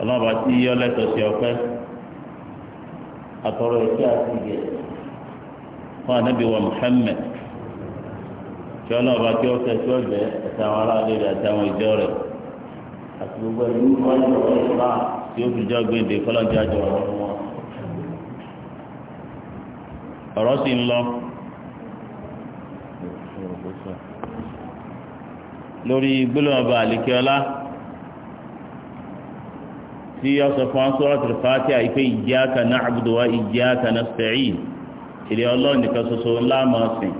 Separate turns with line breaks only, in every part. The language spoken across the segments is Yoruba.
ọlọ́ọ̀bá tí yíyọ́ lẹ́tọ̀ọ́ sí ọpẹ́ àtọ̀rọ̀ ìṣe àti ìyẹ fún anábì wa Muhammad tí ọlọ́ọ̀bá tí ó fẹ́ tí ó bẹ́ ẹ̀sẹ̀ àwọn aráàlú rẹ̀ àti àwọn ìjọ rẹ̀ àti gbogbo ẹ̀mí wọn ní ọ̀rọ̀ ìfà tí ó fi jọ́ gbèdé kọ́lọ́jì àjọ ọ̀rọ̀ wọn. ọ̀rọ̀ sì ń lọ lórí gbólóhùn ọba àlìkẹ́ ọlá. tí yọ sọ fún asúrọ̀tì fàtíà ìpé iyyaka na'budu wa iyyaka na ìrẹ̀ ọlọ́run nìkan ṣoṣo láàmú ọ̀sìn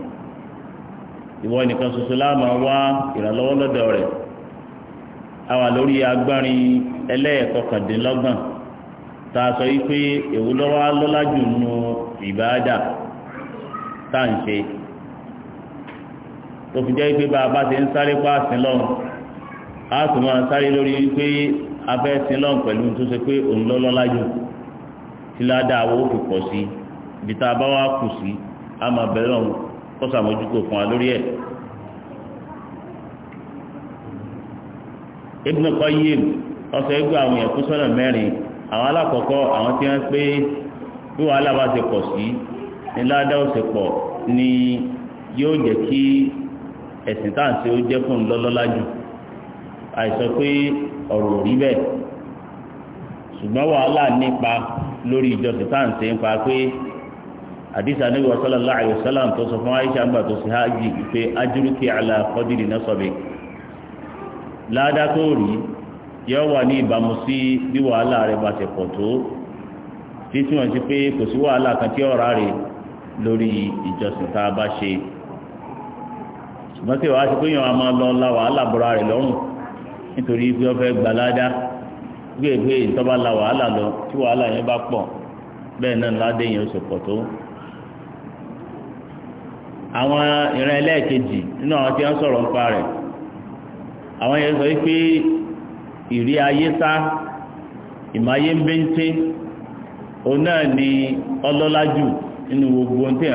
ìwọ nìkan ṣoṣo láàmú wá ìrànlọ́wọ́ lọ́dọ̀ rẹ̀ a wà lórí agbárin ẹlẹ́ẹ̀kọkàndínlọ́gbọ̀n tá a sọ wípé èwo lọ́wọ́ lọ́lájù nu ìbáàdà tá à ń afẹ́ sílọ̀ pẹ̀lú tó ṣe pé òun lọ́lọ́lá jù tí ládàá owó fi pọ̀ sí ibi tá a bá wá kù sí a máa bẹ̀rẹ̀ ọ̀hún kó sàmójútó fún wa lórí ẹ̀. Ibn Qayyim ọsọ egbò àwọn èèyàn kú sọ́nà mẹ́rin àwọn alákọ̀ọ́kọ́ àwọn tí wọ́n pé bí wàhálà bá ṣe pọ̀ sí ní ládàá ó ṣe pọ̀ ni yóò jẹ́ kí ẹ̀sìn táǹsì ó jẹ́ fún un lọ́lọ́lá jù àìsọ pé ọ̀rọ̀ rí bẹ́ẹ̀ ṣùgbọ́n wàhálà nípa lórí ìjọsìn tá à ń pa pé láàyò tó fún Aisha ńgbà tó sì hájì pé Ala àlà na náà sọ̀bẹ̀ ládàá tó rí yóò wà ní ìbámu sí bí wàhálà rẹ̀ bá ti pọ̀ tó wàhálà kan tí ọ̀rá lórí ìjọsìn tá a bá ṣe ṣùgbọ́n tí wàá ti pé lọ la wàhálà rẹ̀ nítorí pé ọfẹ fẹ́ gbalada gbégbé ìtọ́ba la wàhálà lọ tí wàhálà yẹn bá pọ̀ bẹ́ẹ̀ náà ládé yẹn oṣù pọ̀ tó. àwọn ìran ẹlẹ́ẹ̀kejì nínú àwọn tí wọ́n sọ̀rọ̀ nípa rẹ̀ àwọn yẹn sọ pé ìrí ayé sá ìmáyé ń ni ọlọ́lá jù nínú gbogbo ohun tí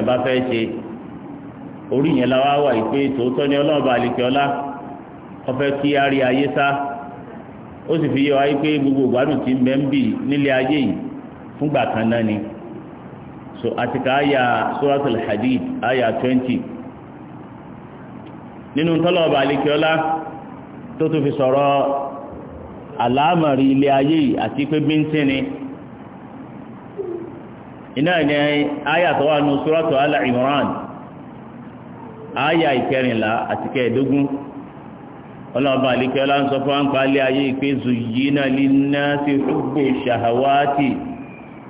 yẹn la wá wà yìí pé tòótọ́ ni ọlọ́ọ̀bà ọfẹ kí á rí ayé sá ó sì fi yé wa yí pé gbogbo ìgbádùn tí ń bẹ ń bì nílé ayé yìí fúngbà kan náà ni so àti ká àyà suratul hadid àyà twenty nínú tọ́lọ̀ọ̀bà àlekíọ́lá tó tún fi sọ̀rọ̀ àlámọ̀rí ilé ayé yìí àti pé bíntín ni iná ní àyà tó wà nù suratul Imran àyà ìkẹrìnlá àti kẹẹ̀ẹ́dógún ọlọ́ọ̀bá àlíkẹ́ ọlá ń sọ fún àǹpá alẹ́ ayé ìpé zùyínà lin-nasi hubbu shahawati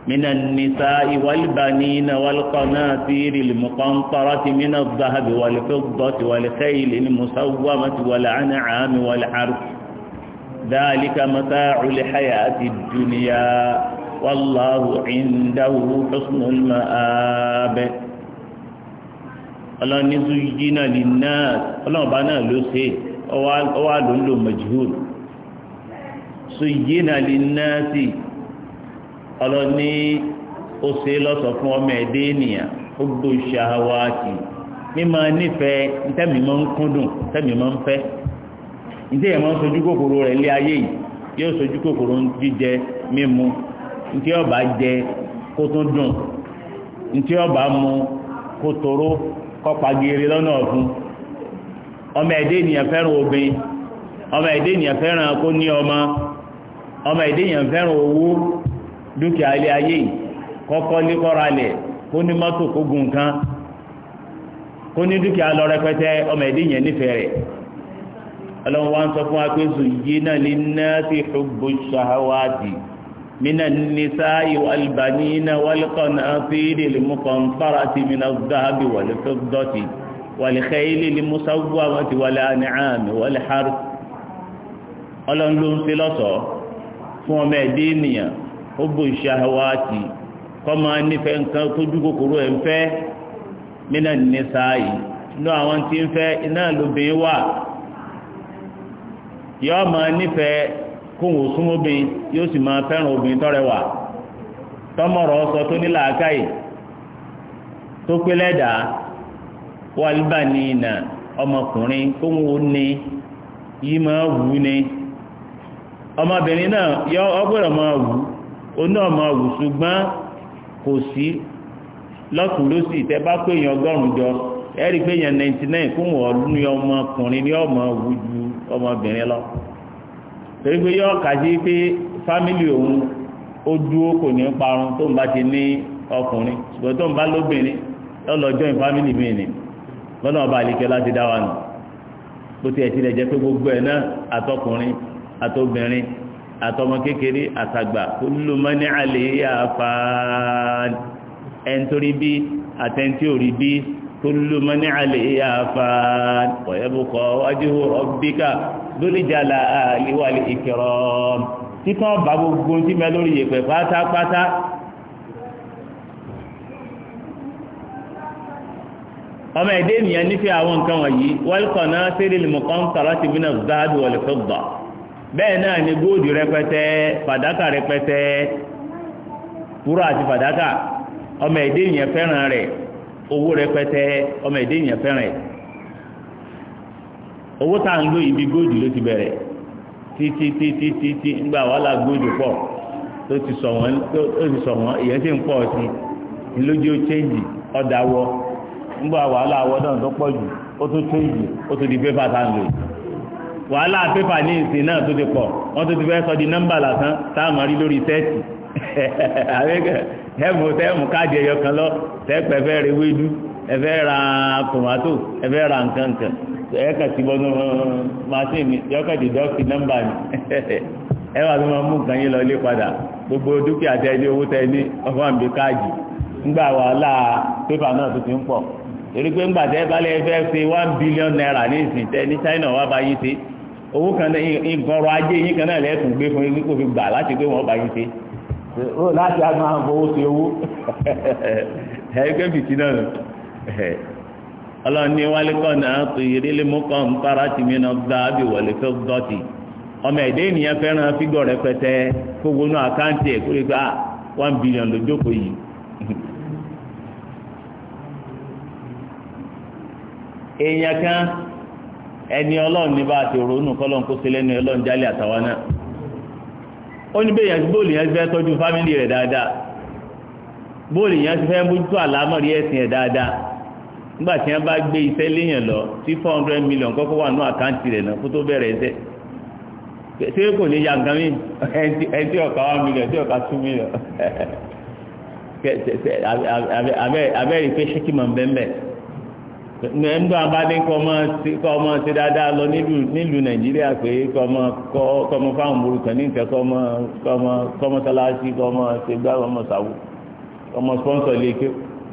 minan nisa'i wal banina wal qanatiri al-muqantarati mina adh-dhahabi wal fiddati wal khayli al-musawwamati wal an'ami wal harfi ọlọ́ọ̀bá náà ló ṣe ọwá lòlò majhul suyyina na ọlọ́ni ó ṣe lọ́sọ̀ fún ọmọ ẹ̀dẹ́ ènìyàn ó gbó ṣahawati mímọ nífẹ̀ẹ́ ntẹ́mi máa ń kúndùn ntẹ́mi máa ń fẹ́ ntẹ́ yẹn sojú kòkòrò rẹ̀ lé ayé yìí yóò sojú kòkòrò jíjẹ mímu jẹ kó dùn mu kó toró lọ́nà ọmọ ẹ̀dẹ́ ènìyàn fẹ́ràn obìnrin ọmọ ẹ̀dẹ́ ènìyàn fẹ́ràn kó ní ọmọ ọmọ ẹ̀dẹ́ ènìyàn fẹ́ràn owó dúkìá ilé ayé kọ́kọ́ lé kọ́ralẹ̀ kó ní mọ́tò kó gun nǹkan kó ní dúkìá lọ rẹpẹtẹ ọmọ ẹ̀dẹ́ ènìyàn nífẹ̀ẹ́ rẹ̀ ọlọ́run wá ń sọ fún wa pé zuyyina linnasi hubbu shahawati minan nisa'i wal banina wal qanatiril muqantarati minaz zahabi wal fiddati wàlìkẹ́yìlì lè mú sáwọ́ àwọn ti wà láàrin àmì wọlé haru ọlọ́run ló ń fi lọ́sọ̀ọ́ fún ọmọ ẹ̀dẹ́ ènìyàn ó bò ṣe àwáàtì kọ́ máa nífẹ̀ẹ́ nǹkan tó dúkò kúrò ẹ̀ ń fẹ́ nínà ní sáàyì inú àwọn tí ń fẹ́ iná lóbìnrin wà tọ́mọ̀rọ̀ sọ tó ní làákàyè tó pé lẹ́dàá wàlúbànínà ọmọkùnrin kó na wo ní yìí máa wù ní ọmọbìnrin náà yọ ọgbọ́dọ̀ máa wù wù ṣùgbọ́n kò sí bá pé èèyàn ọgọ́rùn jọ ẹ̀rí pé èèyàn ọmọkùnrin ní ọmọ wù ju ọmọbìnrin lọ torí pé yọ kàdí pé fámìlì òun bọ́lá ọba àlekẹ́ láti dá wa nù bó ti ẹ̀ tilẹ̀ jẹ́ pé gbogbo ẹ̀ náà àtọkùnrin àtobìnrin àtọmọ kékeré àtàgbà kullu man 'alayha fan ẹ̀ ń torí bí àtẹ̀ntì ò rí bí kullu man 'alayha fan wa yabqa wajhu rabbika dhul jalali wal ikram títọ́ bá gbogbo tí mẹ́ lórí yẹ̀pẹ̀ pátápátá. ọmọ ẹ̀dẹ́ ènìyàn àwọn nǹkan wọ̀nyí wọ́lùkọ̀nà sẹ́rìlì mọ̀kàn sàrọ́tì bínú záàdù wọ̀lùfẹ́gbà bẹẹ náà ni góòdù rẹpẹtẹ fàdákà rẹpẹtẹ wúrà àti fàdákà ọmọ ẹ̀dẹ́ ènìyàn fẹ́ràn owó rẹpẹtẹ ọmọ ẹ̀dẹ́ ènìyàn fẹ́ràn owó ibi góòdù ló ti bẹrẹ wàhálà góòdù tó ti sọ ìyẹn ń ó ńgbà wàhálà àwọdàn tó pọ̀ jù ó tún tó ìyè ó di pépà tá ti pọ̀ wọ́n ti fẹ́ sọ di nọ́mbà lásán lórí tẹ́ẹ̀tì lọ tẹ́ẹ̀pẹ̀ fẹ́ rẹ ra tòmátò ra nǹkan bọ́nú uh, nọ́mbà ni ẹwà tó máa mú nǹkan yín lọ padà gbogbo dúkìá tẹ́ẹ̀lé owó tẹ́ẹ̀lé ọgbọ́n àbí káàdì ńgbà wàhálà pépà náà tó ti torí pé ńgbà tẹ́ bá lẹ́yìn fẹ́ ṣe one billion naira ní ìsìn ní China wá bá yín ṣe owó kan ìgbọ̀rọ̀ ajé yín kan náà lẹ́tùn gbé fún fi gbà láti pé wọ́n bá yín o ó láti á máa fowó ṣe owó ẹgbẹ́ bìtì náà ọlọ́ni wálíkọ́ náà tó ìrírí mú kọ́ ń náà gbá bí wọlé fẹ́ dọ́tì ọmọ ẹ̀dẹ́ ènìyàn fẹ́ràn fígọ̀ rẹpẹtẹ kó wọnú àkáǹtì ah, one billion lójókòó yìí èèyàn kan ẹni ọlọ́run ní bá ti ronú kọ́lọ́n kó ṣe lẹ́nu ọlọ́run jálẹ̀ àtàwọn náà ó ní bẹ́ẹ̀ yẹn bóòlù yẹn ya fẹ́ tọ́jú fámìlì rẹ̀ dáadáa bóòlù yẹn ti fẹ́ léèyàn lọ tí four hundred million kọ́kọ́ wà àkáǹtì rẹ̀ náà kó tó bẹ̀rẹ̀ ya abẹ́rẹ́ bẹ́ẹ̀ nígbà bá ní kọ́ ọmọ ti dáadáa lọ nílùú nàìjíríà pé kọ́ ọmọ fáwọn burúkú ní nǹkan kọ́ ọmọ tọ́láṣí kọ́ ọmọ ṣègbà ọmọ sàwó ọmọ sponsor lè ké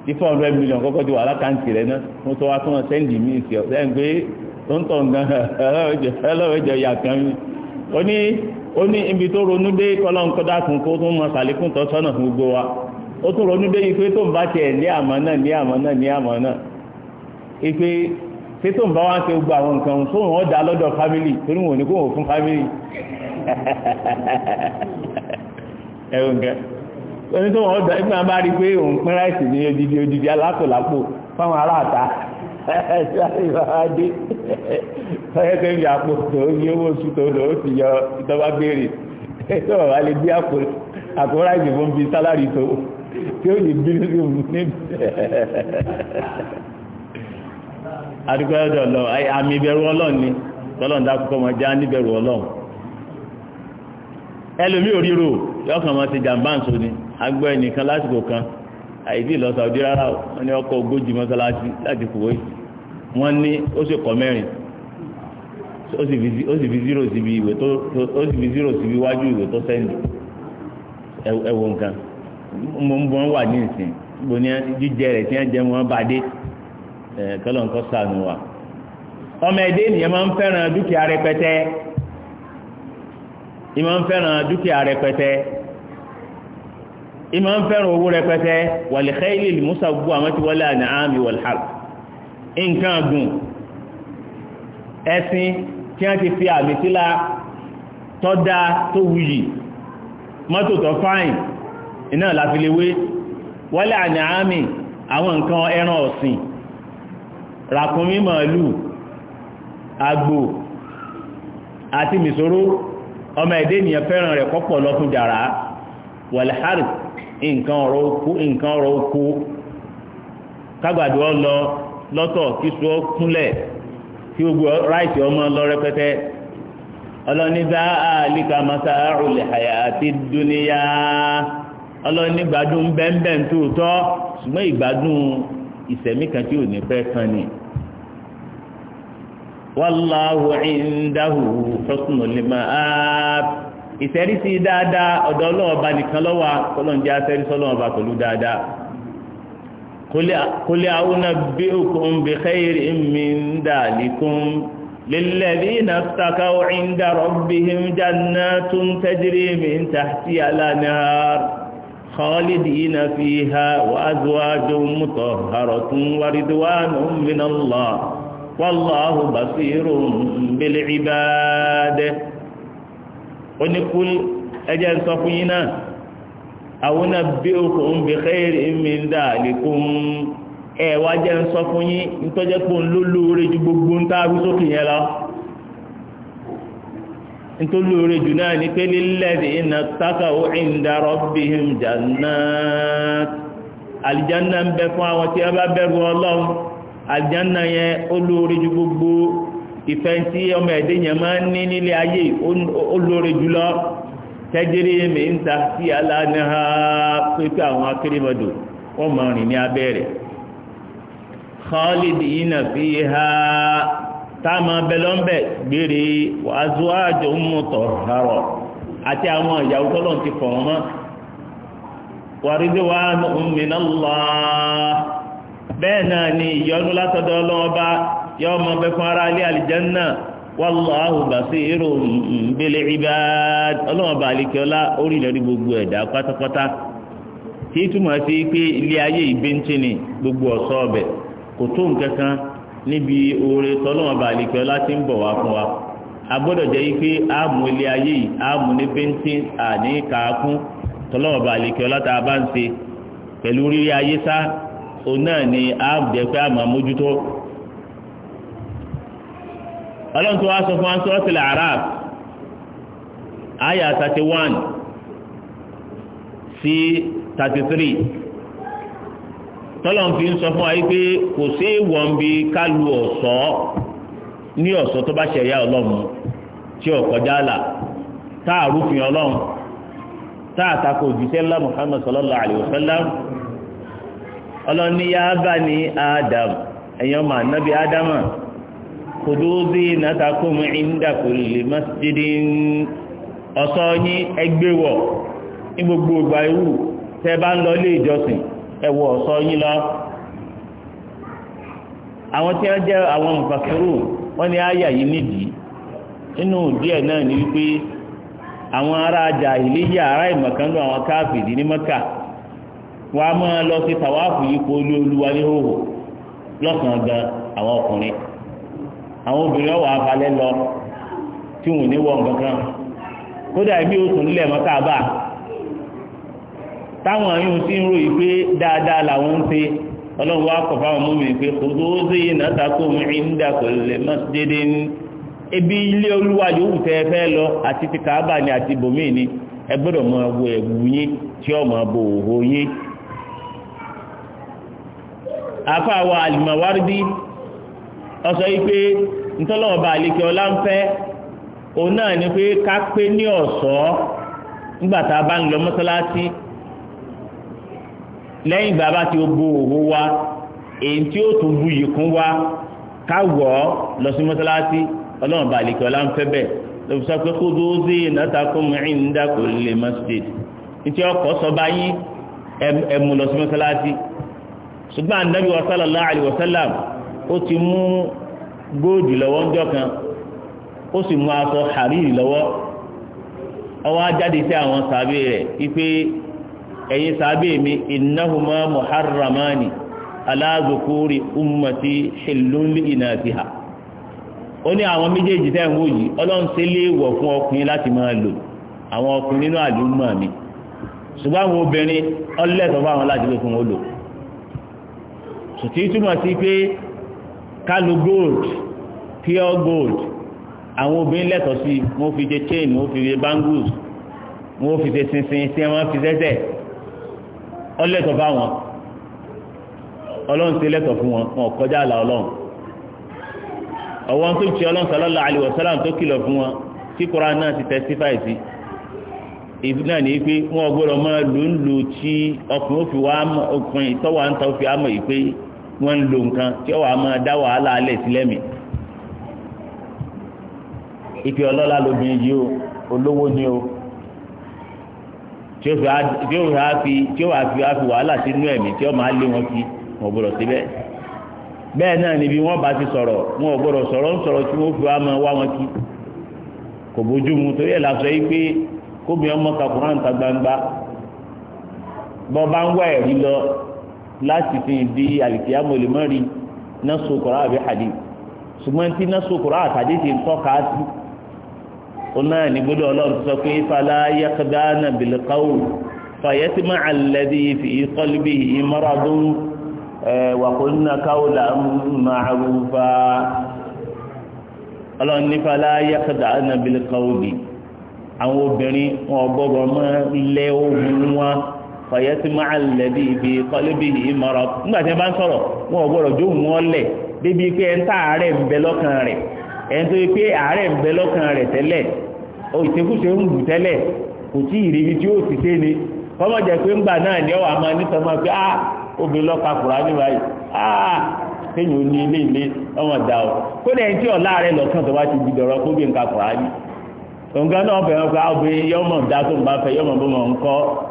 tí four hundred million kọ́kọ́ ti wà lákàntì rẹ̀ náà wọ́n sọ wá fún ọ sẹ́ndì mí sí ọ sẹ́yìn pé tó ń tàn gan ẹlọ́wẹ̀jọ ìyá kan mi ó ní ó ní ibi tó ronú dé kọ́lọ́nkọ́dá fún kó tó mọ sàlékún tọ́sọ́nà fún gbogbo wa ó tún ronú dé yìí pé tó ń bá tiẹ̀ ní àmọ́ náà ní àmọ́ náà ní àmọ́ náà ìpè ṣé tó ń bá wá ń ṣe gbogbo àwọn nǹkan tó wọ́n dá lọ́dọ̀ fámìlì torí wọn ò ní kó wọ́n fún fámìlì ẹ̀rù nǹkan oní tó wọ́n dá ìgbà bá rí pé òun pín ráìsì ní odidi odidi alákòlápò fáwọn aráàta ṣáàdé ọ̀yẹ́kẹ́ ń yà pò tó ní owó oṣù tó lò ó ti yọ ìtọ́ba béèrè tó wà lè bí àpò ráìsì fún bíi sálárì tó tí ó yìí bí ní adúgbòyọ̀dọ̀ lọ àmì ìbẹ̀rù ọlọ́run ni tọ́lọ́n dákúkọ́ mọ̀ já níbẹ̀rù ọlọ́run ẹlòmí òríro yọkàn mọ́ ti jàǹbá ǹso ni agbọ́ ẹnìkan lásìkò kan àìsí ìlọ Saudi rárá wọn ni ọkọ̀ ogójì mọ́sálásí láti Kuwait wọ́n ní ó sì kọ́ mẹ́rin ó sì fi zero síbi ìwé tó ó sì fi zero síbi iwájú ìwé tó sẹ́ndì ẹ̀wọ̀ nǹkan mo ń bọ́ wà ní ìsìn gbòní jíjẹ rẹ̀ tí wọ́n jẹ́ wọn bá kọ́lọ̀ nǹkan sànù wa ọmọ ẹ̀dẹ́ ènìyàn máa ń fẹ́ràn dúkìá rẹpẹtẹ ìmọ̀ ń fẹ́ràn dúkìá rẹpẹtẹ ìmọ̀ ń fẹ́ràn owó rẹpẹtẹ wàlẹ̀ xẹ́yìlì lùmúsà gbogbo àwọn tí wọ́n lé àná àmì wọ̀lẹ̀ hàl nǹkan gùn ẹṣin tí wọ́n ti fi àmì sílá tọ́da tó wuyì mọ́tò tó fáìn iná làfilewé wọ́lẹ̀ àná àmì àwọn nǹkan ẹran ọ̀sìn ràkúnmí màálù àgbò àti mìsòrò ọmọ ẹ̀dẹ́ ènìyàn fẹ́ràn rẹ̀ pọ́pọ̀ lọ fún jàrá wàlhárì nǹkan ọ̀rọ̀ oko kágbàdo ọlọ lọ́tọ̀ kí sọ kúnlẹ̀ kí gbogbo ráìtì ọmọ lọ rẹpẹtẹ ọlọ́nidá àlíkà masá olùhàyà àti dúníyà ọlọ́ni gbádùn bẹ́ńbẹ́ tó tọ́ ṣùgbọ́n ìgbádùn ìsẹ̀mí kan tí ò ní pẹ́ kan ni wàláhù ìndáhù husnul maab ìsẹ́rí sí dáadáa ọ̀dọ̀ ọlọ́ọ̀ba nìkan lọ́wọ́ kọlọ́njẹ́ asẹ́rí sọ́lọ́ọ̀ba pẹ̀lú dáadáa kólé àwọn bí òkun bí kẹ́yìrì mi ń dà líkún lilladhina ttaqaw inda rabbihim jannatun tajri min tahtiha al-anhar khalidina fiha wa azwajun mutahharatun wa ridwanun wallahu basirun bil ibad ó ní kú ẹjẹ́ ń sọ fún yín náà àwọn náà bí okùn bí khairin min dalikum ẹ wá jẹ́ ń sọ fún yín nítọ́jẹ́ pò ń lólóore ju gbogbo ń táàrú sókè yẹn lọ nítòlóore jù náà ní pé lilladhina taqaw inda rabbihim jannat àlìjáná ń bẹ fún àwọn tí wọ́n bá bẹ̀rù ọlọ́run àlìjánná yẹn ó ju gbogbo ìfẹ́ tí ọmọ ẹ̀dẹ́ yẹn máa ń ní nílé ayé ó lóore jùlọ tẹ́jẹ́rì mi ń ta sí àwọn akérèmọdò wọ́n máa rìn ní abẹ́rẹ́ fi fiha táàmà bẹlọ́mbẹ̀ gbére wàzúwájò mutahhara àti àwọn ìyàwó tọ́lọ̀ ti fọ̀ wọ́n mọ́ bẹ́ẹ̀ náà ni ìyọnu látọ̀dọ̀ ọlọ́wọ́ yọ ọmọ bẹ fún ara ilé àlìjánná wallahu basirun bil ibad orílẹ̀-èdè gbogbo ẹ̀dá pátápátá tí túmọ̀ sí pé ilé ayé gbogbo ọ̀sọ́ ọbẹ̀ kò tó nǹkan níbi oore jẹ́ pé àmú ilé ayé yìí àmú ní òun náà ni a jẹ́ pé a máa mójútó ọlọ́run tó wá sọ fún wa ń sọ́ọ́tì làáràb àyà thirty one sí thirty three tọ́lọ́n fi ń sọ fún wa yìí pé kò sí ìwọ̀n bí ká lu ní ọ̀ṣọ́ tó bá ṣẹ̀yà ọlọ́run tí ò kọjá là tá a rúfin ọlọ́run tá a takò òjíṣẹ́ ńlá Muhammad sallallahu alayhi wa sallam. ọlọ́ni yá bá ní adam ẹ̀yàn máa adama kùdú sí nàtàkùn ìndàkùnlé masjidi ọ̀sọ́ yín ẹgbẹ́wọ̀ ní gbogbo ìgbà irú tẹ́ bá ń lọ ilé ìjọsìn ẹ̀wọ̀ ọ̀sọ́ yín lọ àwọn tí wọ́n jẹ́ àwọn wọ́n yìí díẹ̀ náà ni wípé àwọn ará ajá ìléyà ará ìmọ̀kánlú àwọn ní wọn a máa lọ sí tàwáàfù yìí kó olú olúwa ní hòhò lọ́sàn-án gan àwọn ọkùnrin àwọn obìnrin ọ̀wọ́ afalẹ́ lọ tí wọn ò ní wọ nǹkan kan kódà ẹbí ó sùn nílẹ̀ mọ́kàbà táwọn yóò ti ń ròyìn pé dáadáa làwọn ń ṣe ọlọ́run wá kọ̀ fáwọn mọ́mí pé kò tó ó sì yìí náà takò ìdá kò lè má dédé ní ebi ilé olúwa yòówù tẹ́ ẹ fẹ́ lọ àti ti kàábà ni àti bòmíì ni ẹ gbọ́dọ̀ mọ ẹwọ ẹ̀wù yín tí ọmọ bò òhò yín àfàwà àlìmọ̀wárídì ọ̀sọ̀ yìí pé ntọ́lọ́ọ̀bà àlekè ọlá ń òun náà ni pé ká pé ní ọ̀sọ́ nígbà bá ń lọ mọ́sálásí lẹ́yìn ìgbà bá ti gbogbo òwò wa èyí tí ó tún bu yìí kún wa ká wọ̀ ọ́ lọ sí mọ́sálásí ọlọ́run bá àlekè ọlá ń fẹ́ bẹ́ẹ̀ lọ́wọ́ sọ pé kó dóòzì natakum inda kulli masjid ní tí ọkọ̀ sọ bá yín lọ sí mọ́sálásí ṣùgbọ́n anabi wa sallallahu alayhi wa sallam ó ti mú góòdù lọ́wọ́ ńjọ́ kan ó sì mú aṣọ hariri lọ́wọ́ ọwọ́ ajáde sí àwọn sàbí rẹ̀ wípé ẹ̀yin sàbí mi innahuma muharramani ala zukuri ummati hillun li inatiha ó ní àwọn méjèèjì tẹ́ ń wò yìí ọlọ́run ṣe lé wọ̀ fún ọkùnrin láti máa lò àwọn ọkùnrin nínú àlùmọ́ mi ṣùgbọ́n àwọn obìnrin ọlẹ́tọ̀ọ́ fún àwọn láti lè fún wọn lò sòtí túmọ̀ sí pé ká gold pure gold àwọn obìnrin lẹ́tọ̀ọ́ sí wọ́n fi ṣe chain mo fi ṣe bangles wọ́n fi ṣe ṣinṣin tí wọ́n fi ṣẹ́ṣẹ́ ọlẹ́tọ̀ fáwọn ọlọ́run ti lẹ́tọ̀ fún wọn wọn kọjá àlà ọlọ́run ọwọ́n tó ti ọlọ́run sọlọ́lá àlìwọ̀sọ́lá tó kìlọ̀ fún wọn tí kura náà ti testify sí ìdí náà ní pé wọn gbọ́dọ̀ máa lò ń lò tí ọkùnrin ó fi wá ọkùnrin ń tọ́ fi á mọ̀ yìí pé wọ́n ń lo nǹkan tí ó wàá máa dá wàhálà alẹ̀ sílẹ̀ mi ìpè ọlọ́lá lóbìnrin yìí o olówó ni o tí ó wàá fi tí ó wàá fi wàá fi wàhálà sínú ẹ̀mí tí ó máa lé wọn fi wọn gbọ́dọ̀ síbẹ̀ bẹ́ẹ̀ náà níbi wọ́n bá ti sọ̀rọ̀ wọn ò gbọ́dọ̀ sọ̀rọ̀ ń sọ̀rọ̀ tí wọ́n fi wá máa wá wọn kí kò bójú mu torí ẹ̀ la yìí pé kóbi ọmọ kakùnrin àǹtà gbangba bọ́ bá ń wá ẹ̀rí lọ láti fi di àlìkìyàmọ̀ lè mọ́ rí nọ́ọ̀sù kọ́ra àbí àdé ṣùgbọ́n tí nọ́ọ̀sù kọ́ra àtàdé ti ń tọ́ka sí ọ̀nà ìgbọ́dọ̀ ọlọ́run sọ pé fàlà yaqdana bil qawl fàyẹ́tìmọ̀ alladhi fi qalbihi maradun wàkúnná káwùlà ma'rufa ọlọ́run ní fàlà yaqdana bil qawli àwọn obìnrin wọn gbọ́dọ̀ máa lẹ́ ohun wọn. fàyẹ́sì máa lẹ́bí ibi kọ́lébí ìmọ̀ràn nígbà tí bá ń sọ̀rọ̀ wọn ò gbọ́dọ̀ wọn lẹ̀ débi pé ẹ̀ ń tà àárẹ̀ ń bẹ lọ́kàn rẹ̀ ń tó pé ń bẹ lọ́kàn rẹ̀ tẹ́lẹ̀ òṣèkúṣe ń lù tẹ́lẹ̀ kò tí ì tí ó ni pé ńgbà náà ni ọwọ́ àmọ́ nítorí pé ah obìnrin lọ́ka ní báyìí ah ní ilé ilé ọmọ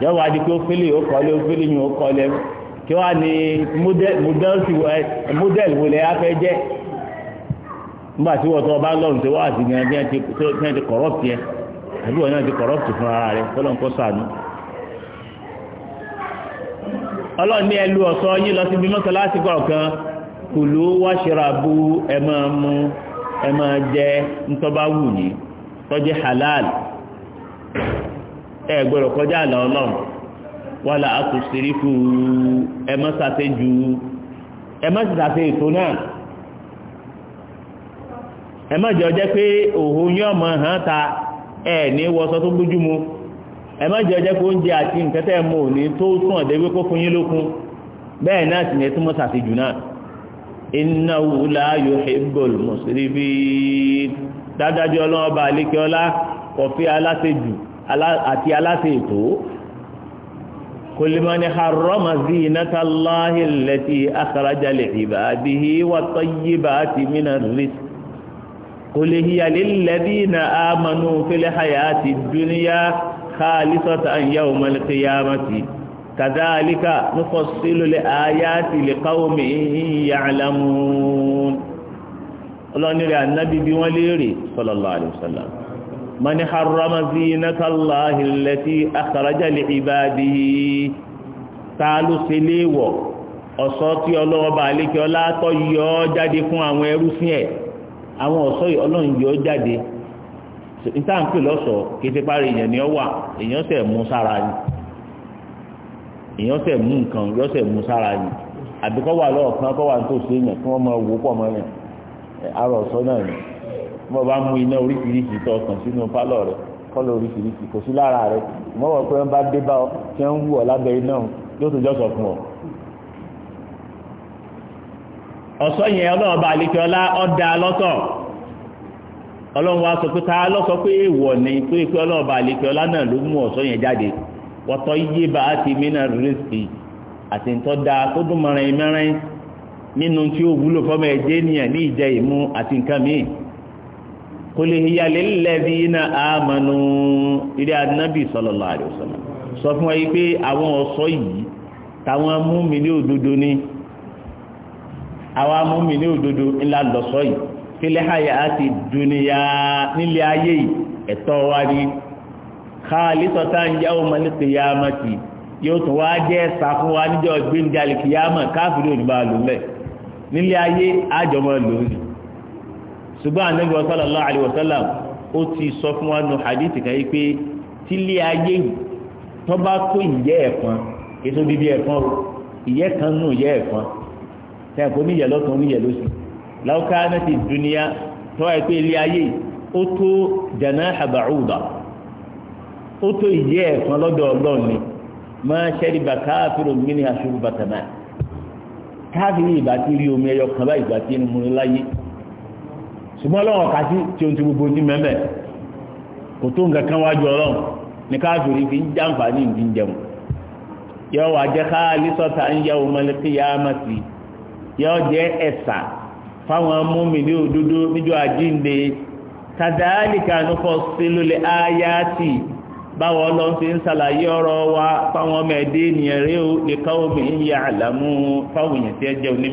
yọ wá di pé ó fẹ́lẹ̀ ó kọ́lé ó fẹ́lẹ̀ yìí ó kọ́lé kí wá ní mọ́dẹ́lì eh, wo lẹ́ á fẹ́ jẹ́ nígbà tí wọ́n tọ́ ọba lọ́rùn tó wá sí ní ẹni tí wọ́n ti kọ̀rọ̀pù yẹn àbí wọ́n náà ti kọ̀rọ̀pù fún ara rẹ̀ tọ́lọ́ nǹkan sànú. ọlọ́run ní ẹlú ọ̀sọ́ yín lọ síbi mọ́sálásí kọ̀ọ̀kan kùlú wáṣẹ́ràbù ẹ máa mú ẹ máa jẹ ńtọ́ba wù yín tó halal ẹ gbọ́dọ̀ kọjá àlà ọlọ́run wàlà àtòsíríkù ẹ má sàṣe ju ẹ má ètò náà ẹ ọjẹ́ pé òhun yọ mọ̀ hàn ta ẹ ní wọṣọ tó gbójú mu ẹ má jẹ́ pé oúnjẹ àti nǹkan òní tó wí fún yín lókun náà sì ní jù náà àti aláṣẹ ètò kulimani haroma zinata Allahi lati akhraja li ibadihi wa tayyibati mina rizq قل هي للذين آمنوا في الحياة الدنيا خالصة يوم القيامة كذلك نفصل الآيات لقوم يعلمون الله نرى النبي بوليري صلى الله عليه وسلم من حرم زينة الله التي أخرج لعباده تعالوا سليوا ọ̀ṣọ́ tí ọlọ́ọ̀bà àlékẹ́ ọlátọ́ yọ ọ́ jáde fún àwọn ẹrúsìn ẹ̀ àwọn ọ̀ṣọ́ ọlọ́run yọ ọ́ jáde ìtàǹpì lọ́sọ̀ kété parí èèyàn ni ọ wà èèyàn sẹ̀ mú sára ni èèyàn sẹ̀ mú nǹkan yọ sẹ̀ mú sára ni àbíkọ́ wà lọ́ọ̀kan kọ́ wà nítòsí èèyàn kí wọ́n máa wò pọ̀ mọ́ yẹn arọ̀ ọ̀ṣọ́ náà ni mo bá mú iná oríṣiríṣi tó ọkàn sínú pálọ̀ rẹ̀ kọ́lọ̀ oríṣiríṣi kò sí lára rẹ̀ mo wọ̀ pé wọ́n bá dé bá ọ tí wọ́n ń wù ọ lábẹ́ iná yóò tó jọ́sọ̀ fún ọ. ọ̀sọ́ yẹn ọlọ́run bá àlejò ọlá ọ̀dà lọ́tọ̀ ọlọ́run wa sọ pé ká lọ sọ pé èèwọ̀ ni tó yẹ pé ọlọ́run bá àlejò ọlá náà ló mú ọ̀sọ́ yẹn jáde wọ́tọ́ yé bá a ti mìíràn rírìsì àti ntọ́ da tó dún mọ́rin mẹ́rin nínú tí ó wúlò fọ́mọ ẹ̀jẹ̀ nìyẹn ní ìjẹ ìmú àti nǹkan mìíràn kuli hiyalè lẹ́bi iná àmànù ilé sallallahu alaihi wasallam sọ fún wa yìí pé àwọn ọ̀sọ́ yìí táwọn múmi ní òdodo ní àwọn múmi ní òdodo ńlá lọ́sọ́ yìí kílẹ̀ àyà àti dùnìyà nílé ayé yìí ẹ̀tọ́ wa ni khalisatan yawmal qiyamati wa níjọ́ gbéńdé alìkìyàmà káfíńdé ṣùgbọ́n anabi wa sallallahu alayhi wa sallam ó ti sọ fún wa nù hadith kan yìí pé tílé ayé yìí tó bá tó ìyẹ́ ẹ̀fọn ètò bíbí ẹ̀fọn o ìyẹ́ kan nù ìyẹ́ ẹ̀fọn tẹ̀kọ́ níyẹ̀ lọ́tún níyẹ̀ lọ́sì láwùká náà ti dúníyà tó wáyé pé ilé ayé ó tó janaha ba'uda ó tó ìyẹ́ ẹ̀fọn lọ́dọ̀ ọlọ́run ni máa ṣẹ́rí bá káfíìrò mí ní aṣọ bàtàmá káfíìrì ìbátí rí omi ẹyọ kan báyìí ìbátí ń mú láyé ṣùgbọ́n ọlọ́run ọ̀ka sí tí ohun ti gbogbo ti mẹ́mẹ́ kò tó nǹkan kan wájú ọlọ́run ní káàkiri fi ń jàǹfààní ìdí jẹun yọ wà jẹ́ ká lísọ̀tà ń yẹ ọmọ lẹ́kẹ́ yá má sí yọ jẹ́ ẹ̀sà fáwọn múmi ní òdodo níjọ́ àjínde kàdáàlìkà nufọ́ sílùlẹ̀ áyáàtì báwọn ọlọ́run ti ń ṣàlàyé ọ̀rọ̀ wa fáwọn ọmọ ẹ̀dẹ́ ènìyàn rẹ̀ ó lè káwọn obìnrin yà àlámú fáwọn èèyàn tí ẹ jẹun ní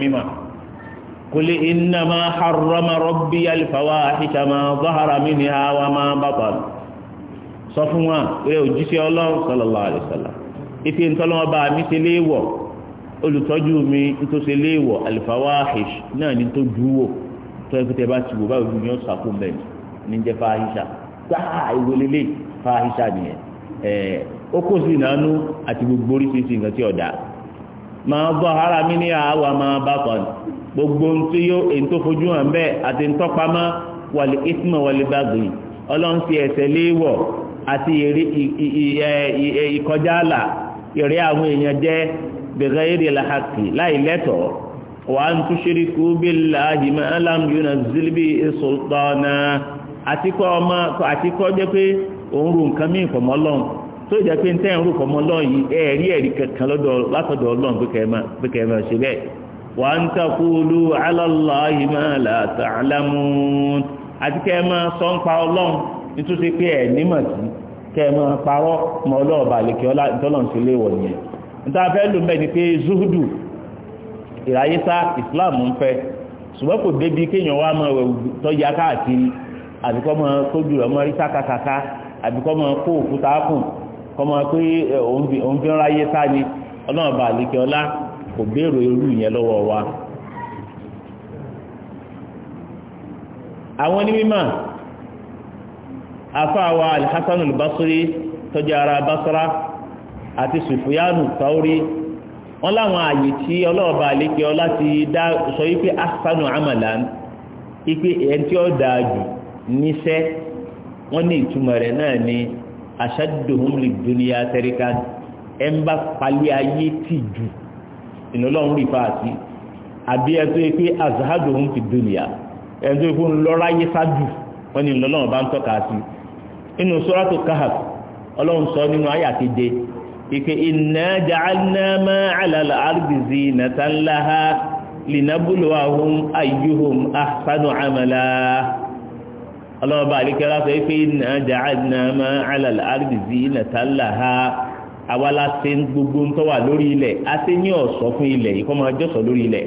قل إنما حرم ربي الفواحش ما ظهر منها وما بطن صفوا إلى وجيسي الله صلى الله عليه وسلم إتي انت لما بامي سليوة olùtọ́jú mi tó ṣe léèwọ̀ alifawahish náà ní tó dúwò tó ẹkú tẹ bá ti wò báwo ni yóò sàkó mẹ́rin ní jẹ́ fahisha gbáà ìwé lélẹ̀ fahisha nìyẹn ẹ̀ ó kó sí ìnáwó àti gbogbo oríṣiríṣi nǹkan tí ọ̀dà máa bọ́ ara mi ní àwa máa bá kan gbogbo ntí yó èyí tó fojú hàn bẹ́ẹ̀ àti ntọ́pamọ́ wàlí ismọ̀ wàlí bàgì ọlọ́run fi ẹ̀ṣẹ̀ léèwọ̀ àti ìkọjá àlà ìrẹ́ àwọn èèyàn jẹ́ bighairi làhàkì láì lẹ́tọ̀ọ́ wà á tún ṣíríkù billahi ma lam yunazzil bihi sultana àtikọ́ ọmọ àtikọ́ jẹ́ pé òun ru nǹkan mí ìfọ̀mọ́ ọlọ́run tó jẹ́ pé ń tẹ́ ń ìfọ̀mọ́ ọlọ́run yìí ẹ̀rí kankan látọ̀dọ̀ wa an taqulu ala Allahi ma la ta'lamun àti kẹ́ ẹ máa sọ ń pa ọlọ́run nítorí pé ẹ̀ nímọ̀ sí kẹ́ ẹ máa parọ́ mọ ọlọ́ọ̀bà àlèkè ọlọ́run sí ilé ìwọ̀ nìyẹn níta fẹ́ lò mẹ́ ni pé zuhudu ìráyésá Islam ń fẹ́ ṣùgbọ́n kò débi kéèyàn wá máa wẹ̀ tọ́jà káàkiri àbíkọ́ máa kójú rẹ̀ mọ́ rí sákàkàkà àbíkọ́ máa kó òkúta kùn kọ́ máa pé eh, òun fi ń ráyé sá ni ọlọ́ọ̀bà àlèkè ọlá kò béèrè irú yẹn lọ́wọ́ wa. àwọn onímọ̀ afáwa alhassan al-basri tọ́jú ara basra àti sufiyanu tauri wọ́n láwọn àyè tí ọlọ́ọ̀bà àlékè ọ láti dá sọ wípé ahsanu amalan ipe ẹni tí ó dáa jù níṣẹ́ wọ́n ní ìtumọ̀ rẹ̀ náà ni ashadduhum lid-dunya tarikan ẹ̀ ń bá palẹ̀ ayé tì jù ìnọlọ́run rí fa àti àbí ẹ tó yẹ pé azahadu ń fi dunya ẹ tó yẹ pé ńlọ́ra yé sáájú wọn ni ìnọlọ́run bá ń tọ́ka sí inú suratu kahf ọlọ́run sọ nínú àyà keje ike inna ja'alna ma 'ala al-ardi zinatan laha linabluwahum ayyuhum ahsanu 'amala ọlọ́run bá àríkẹ́lá sọ pé inna ja'alna ma 'ala al-ardi laha. awala se gbogbo ń tọ́wà lórí ilẹ̀ a se ní ọ̀ṣọ́ fún ilẹ̀ yìí kọ́ máa jọ́sọ̀ lórí ilẹ̀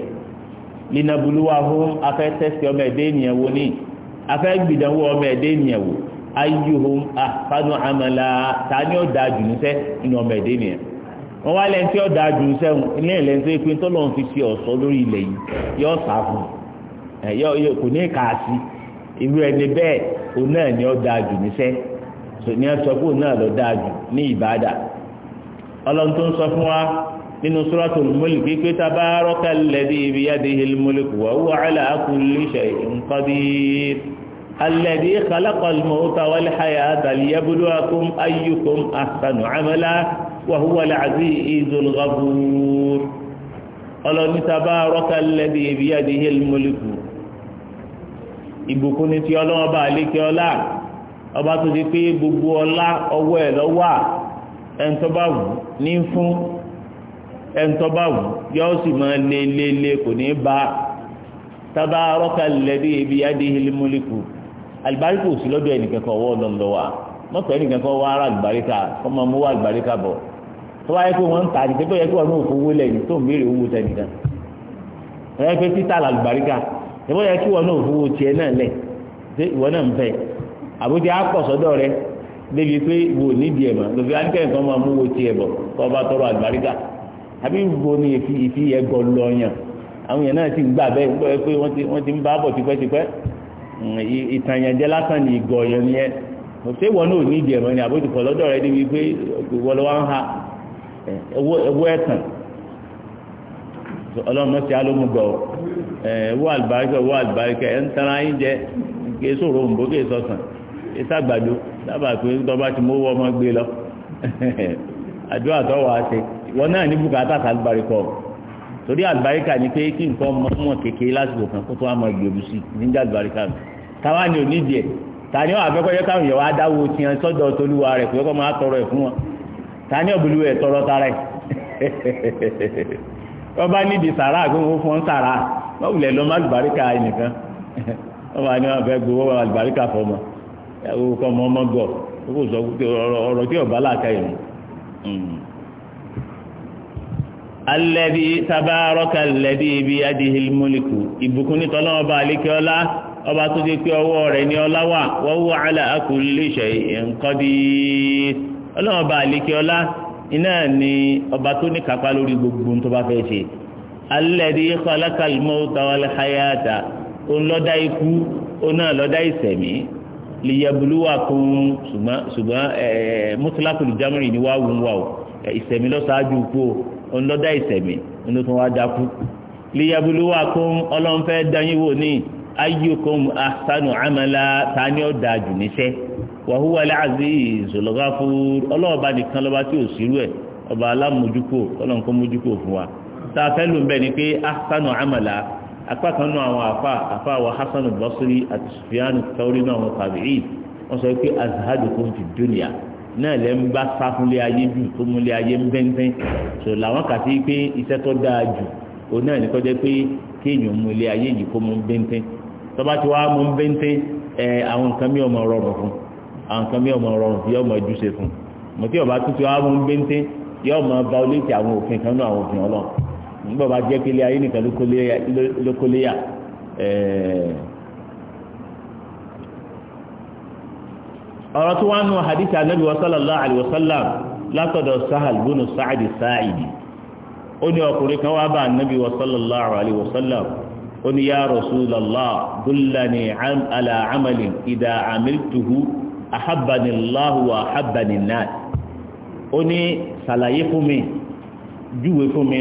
linabuluwa hum afẹ́ tẹ́sí ọmọ ẹ̀dẹ́ ènìyàn wo afẹ́ gbìdánwó wo amala ta ni ó dáa jù níṣẹ́ nínú ọmọ ẹ̀dẹ́ ènìyàn wọ́n wá lẹ́ni tí ó dáa jù níṣẹ́ ilé ìlẹ́nsẹ́ pé tọ́lọ́ fi ṣe ọ̀ṣọ́ lórí ilẹ̀ yìí yọ sàfún kò ní kàásì irú ẹni bẹ́ẹ̀ òun ọlọ́run tó ń sọ fún wa nínú suratul mulk pé tabarakal ladhi biyadihil mulku wa huwa ala kulli shay'in qadir alladhi khalaqal mawta wal hayata liyabluwakum ayyukum ahsanu amala wa huwa al-azizul ghafur ọlọ́run ní tabarakal ladhi biyadihil mulku ìbùkún ni ti tó bá wù ní fún ẹ̀ńtọ́bá yóò sì máa lé lé lé kò ní bá tabaraka alladhi biyadihi al-mulku àlùbáríkà ò sí lọ́dọ̀ ẹnìkẹ́kọ̀ọ́ wọ́ lọ́lọ́ mọ́tò ẹnìkẹ́kọ̀ọ́ wá ara àlùbáríkà ọmọ mú wá àlùbáríkà bọ̀ tó wáyé pé wọ́n ń ta àdìgbẹ́ yẹ kí wọ́n náà fowó lẹ́yìn tó ń béèrè owó tẹnìkan ẹ̀yẹ́ pé títà yẹ kí wọ́n náà fowó tiẹ̀ náà lẹ̀ débi pé wò nídìí ẹ̀ mọ̀ lòfi àníkẹ́ nǹkan máa mú wo tiẹ̀ bọ̀ kọ́ ọba tọrọ àgbáríkà àbí wo ni èfi ìfi ẹ̀gọ́ lọ yàn àwọn yẹn náà sì gbà bẹ́ẹ̀ gbọ́ ẹ pé wọ́n ti ń bá bọ̀ tipẹ́tipẹ́ hmm, ìtànyànjẹ lásán ni ìgọ̀ yẹn ni ẹ ṣé wọn náà nídìí ẹ̀ mọ̀ ni àbójúkọ lọ́dọ̀ rẹ débi pé wọ́n lọ́wọ́ ń ha ẹwọ́ ẹ̀tàn ọlọ́mọ sí alómùgọ̀ ẹ̀wọ́ àlùbáríkà ẹ̀wọ́ àlùbáríkà ẹ̀ ń tara yín jẹ kí èso òròǹbó kí èso ọ̀sán ìsàgbàdo dábàá pé tọ́ba ti mówó ọmọ gbé lọ àdúrà tó wà á ṣe wọn náà ní bùkátà àlùbáríkà torí àlùbáríkà ni pé kí nǹkan ọmọ ọmọ kékeré lásìkò kan kó tó wà mọ ìgbèrú sí níjà àlùbáríkà mi táwa ni ò ní díẹ̀ tani ọ afẹ́kọ́ yẹ káwọn yẹwà adáwo tiẹ̀ sọ́dọ̀ tolúwa rẹ̀ pé kọ́ máa tọrọ ẹ̀ fún wọn tani ọ̀bùlù ẹ̀ tọrọ tara ẹ̀ wọ́n bá nídìí sàrà kó wọ́n fọ́n sàrà wọ́n wulẹ̀ lọ́mọ àlùbáríkà nìkan wọ́n máa ní wọn fẹ́ gbowó àlùbáríkà fọmọ orúkọ ọmọ ọmọ gọ̀ ó kò sọ pé ọ̀rọ̀ tí ọ̀bá làákà yìí alẹ́bí tabarọ́kà lẹ́bí ibi adìhìl mọ́lìkù ìbùkún ní tọ́lọ́wọ́ bá alékẹ́ ọlá ọba tó ti pé ọwọ́ rẹ̀ ní ọlá wà wọ́wọ́ alẹ́ akùnléṣẹ̀ ǹkọ́dí ọlọ́wọ́ bá iná ni ọba tó ní kápá lórí gbogbo tó bá fẹ́ ṣe alẹ́bí kọ́lákàlmọ́ tawalẹ́ hayata ikú òun lọ́dá ìsẹ̀mí liyabuluwakum ṣùgbọ́n mọ́tíláàkù ìjámọ́rì ni wàá wù wà o ìsẹ̀mí lọ́sàájú pò ńlọ́dá ìsẹ̀mí ńlọ́ tó wá dákú liyabuluwakum ọlọ́nfẹ́ dányíwò ní ayyukum ahsanu amala tani ó dáa jù níṣẹ́ wa huwa al-azizul ghafur ọlọ́ọ̀bá nìkan lọ́ba tí ò sírú ẹ̀ ọba alámójúkò ọlọ́nkọ́ mójúkò fún wa tá a fẹ́ lò ń bẹ́ ni pé ahsanu amala apá kan nù àwọn àfa àfa wa hasan al-basri àti sufyan al-thawri náà wọn tàbíì wọn sọ pé azhadukum fi dunya náà lẹ́ ń bá sáfúnlé ayé jù tó múlé ayé ń bẹ́ńbẹ́ sọ làwọn kà sí pé iṣẹ́ tó dáa jù òun náà ní kọ́ jẹ́ pé kéèyàn múlé ayé yìí kó mú bẹ́ńbẹ́ tọ́ba tí wàá mú bẹ́ńbẹ́ ẹ àwọn nǹkan mi ò mọ̀ rọrùn fún àwọn nǹkan mi ò mọ̀ rọrùn fún yọ ọmọ ojúṣe fún mọ̀tí ọba tuntun wàá mú bẹ́ńbẹ́ yọ ọmọ bá àwọn òfin kan náà àwọn òfin ọlọ́run nígbà bá jẹ́ pé ilé ayé nìkan ló kó léyà ọ̀rọ̀ tó wá nù hadith anabi wa sallallahu alayhi wa sallam látọ̀dọ̀ sahal bunu sa'adi sa'idi ó ní ọkùnrin kan wá bá anabi wa sallallahu alayhi wa sallam ó ní ya rasulallah dullani ala amalin idha amiltuhu ahabbani allah ó ní ṣàlàyé fún mi júwe fún mi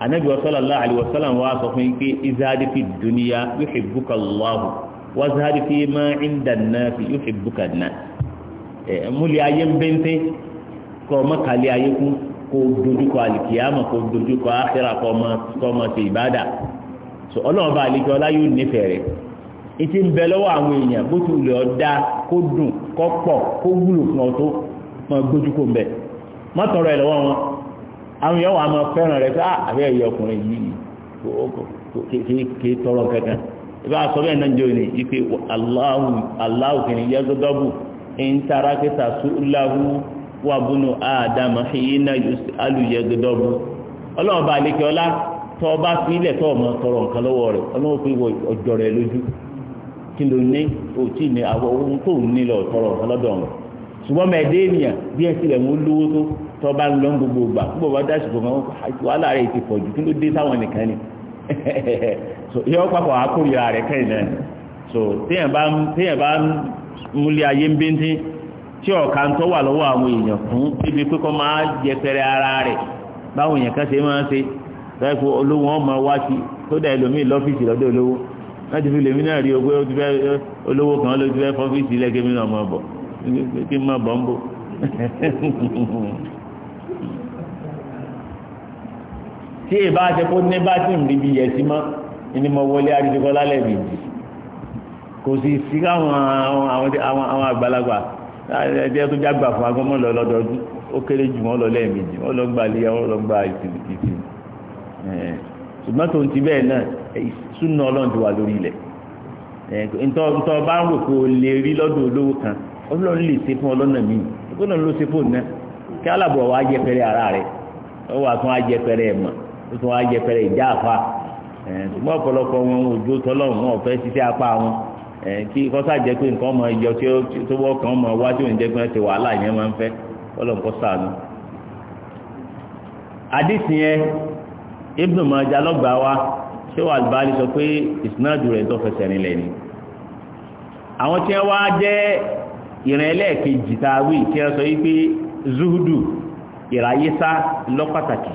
anabi sallallahu alaihi wasallam wa sọ fún pé izadi fi dunya yuhibbuka allah wa zahadi fi ma inda an-nas yuhibbuka an-nas eh muli ayé mbente ko makali ayé ku ko dojúkọ alikiyama ko dojúkọ akhira ko ma ko ma ṣe ibada so Ọlọ́run ba alikẹ ọlá yóò nífẹ̀ẹ́ rẹ̀ ìtì ń bẹ lọ́wọ́ àwọn èèyàn bó ti wùlẹ̀ ọ̀dá kó dùn kó pọ̀ kó wúlò fún ọtó mọ gbójúkó ń bẹ mọ́tọ̀rọ̀ ẹ̀ lọ́wọ́ wọn àwọn èèyàn máa fẹ́ràn rẹ̀ pé ah, àbẹ́ ẹ̀yọ ọkùnrin yìí kì tọrọ kankan ìbá sọ náà jẹ́ òní ipe aláwù kìíní yẹ tara kíta sùúláhù wà búnú àdàmà ìyínà alùyẹ gọ́gọ́bù ọlọ́run bá lè kí ọlá tọrọ tó bá ń lọ gbogbo gbà gbogbo bá dásìkò kan wàhálà rẹ̀ ti pọ̀ jù kí ló dé sáwọn nìkan ni yọ papọ̀ àkórìíra rẹ̀ kẹ́yìn náà so téèyàn bá téèyàn bá múlé ayé ń bíntín tí ọ̀ka ń tọ́ wà lọ́wọ́ àwọn èèyàn fún ibi pé kọ́ máa jẹpẹrẹ ara rẹ̀ báwọn èèyàn kan ṣe máa ń ṣe láìpò olówó ọmọ wá sí tó dá ẹlòmíì lọ́fíìsì lọ́dọ̀ olówó láti fi lèmi náà rí owó olówó kan ló ti fẹ́ fọ́fíìsì náà mọ̀ bọ̀ kí n má bọ̀ ń bọ̀ tí èbá ṣe kó ní bá tí ń rí bí yẹsí mọ́ ní mo wọlé arídìkọ́ lálẹ́ mi jì kò sì sí káwọn àwọn àgbàlagbà ẹ̀ẹ́dẹ́ tó jágbà fún agbọ́mọ́ lọ lọ́dọọdún ó kéré jù wọ́n lọ lẹ́ẹ̀mejì wọ́n lọ gba ilé wọ́n lọ gba ìsinmi ṣùgbọ́n tó ń ti bẹ́ẹ̀ náà súnà ọlọ́run ti wà lórí ilẹ̀ ntọ́ bá ń rò pé o lè rí lọ́dọ̀ olówó kan ọlọ́run lè ṣe fún ọlọ́nà míì ìpínlẹ̀ ló ṣe fún náà kí alábọ̀ wa jẹ́ pẹ́rẹ́ ara rẹ̀ ó wà tún á jẹ́ pẹ́rẹ́ ẹ̀ mọ̀ ó tún wá yẹpẹrẹ ìjà àfa ṣùgbọ́n ọ̀pọ̀lọpọ̀ wọn ojú tọ́lọ́run wọn ọ̀fẹ́ ṣiṣẹ́ apá wọn kí kọ́sà jẹ́ pé nǹkan ọmọ yọ tí ó wọ́ kan ọmọ wá tí òun jẹ́ pé ti wàhálà yẹn máa ń fẹ́ ọlọ́run kọ́ sànù. àdìsí yẹn Ibn Majah lọ́gbàá wa ṣé wà Albani sọ pé ìsúnájú rẹ̀ tó fẹsẹ̀ rinlẹ̀ ni. àwọn tí wọ́n wá jẹ́ ìrìn ẹlẹ́ẹ̀kejì tá a wí kí wọ́n sọ yìí pé zuhudu ìráyésá lọ́pàtàkì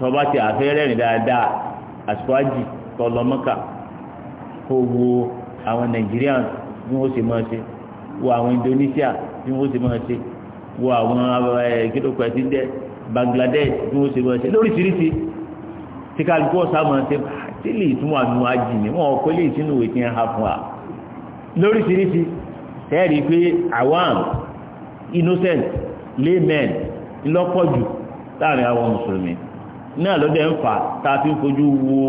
tọba ti àfẹ́rẹ́ rìn dáadáa àsìkò àjì tọlọ mọ́kà kó wo àwọn Nàìjíríà bí wọ́n ṣe máa ṣe wo àwọn Indonesia bí wọ́n ṣe máa ṣe wo àwọn kílókù ẹtí dẹ Bangladesh bí wọ́n ṣe máa ṣe lóríṣiríṣi tí kálukú ọ̀sá máa ṣe ah, tí lè túmọ̀ àánú àjì ni wọ́n kọ́ lè sínú ìwé tí wọ́n á fún wa lóríṣiríṣi tẹ́ẹ̀rí pé àwọn innocent laymen ńlọ́pọ̀ jù láàrin àwọn mùsùlùmí náà lọ́dẹ̀ ń fà tá a fi ń fojú wo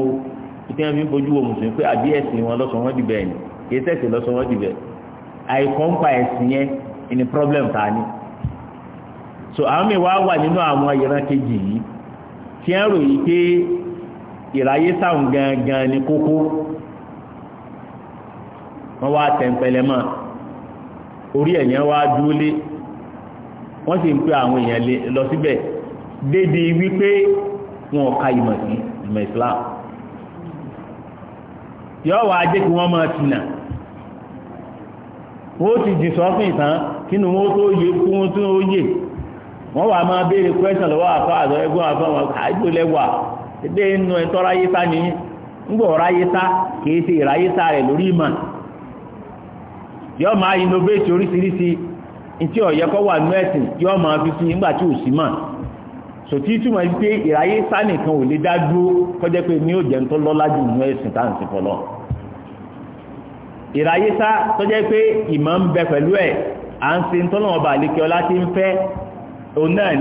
tí wọ́n fi ń fojú wo mùsùlùmí pé àbí ẹ̀sìn wọn lọ́sọ̀ wọ́n dìbẹ̀ ni kì í ṣẹ̀sìn lọ́sọ̀ wọ́n dìbẹ̀ àìkọ́ńpa ẹ̀sìn yẹn ni problem ta ni so àwọn mi wá wà nínú àwọn ìran kejì yìí tí wọ́n rò yìí pé ìráyé sáwọn gangan ni kókó wọ́n wá tẹ̀m̀pẹ̀lẹ̀ mọ́ orí ẹ̀yẹn wá dúólé wọ́n sì ń pè àwọn èèyàn lọ síbẹ̀ débi wípé fún ọ̀ka ìmọ̀ si ìmọ̀ Islam yọ wà jẹ́ kí wọ́n máa tìnà ti jì sọ́fìn tán kínú wọn tó yẹ kí wọ́n tó yẹ wọ́n wà máa béèrè kwẹ́sàn lọ́wọ́ àfọ àtọ́ ẹgbẹ́ àfọ àwọn àìgbò lẹ́wà ẹgbẹ́ inú ẹ̀tọ́ ráyé sá ni ńgbọ̀ ráyé sá kìí ṣe ìráyé sá rẹ̀ lórí ìmọ̀ yọ máa oríṣiríṣi ntí ọ̀yẹ́kọ́ wà nú ẹ̀sìn yọ máa fi tí sòtí túmọ̀ sí pé ìráyé sánìkan ò lè dá dúró kọjá pé ní òjẹ̀ ń tó lọ́lá jù nínú ẹ̀sìn tá à ń sìn fọlọ́ ìráyé sá tọ́já pé ìmọ̀ ń bẹ pẹ̀lú ẹ̀ à ń sin tọ́lọ́wọ́n bá àlékè ọlá ti ń fẹ́ òun náà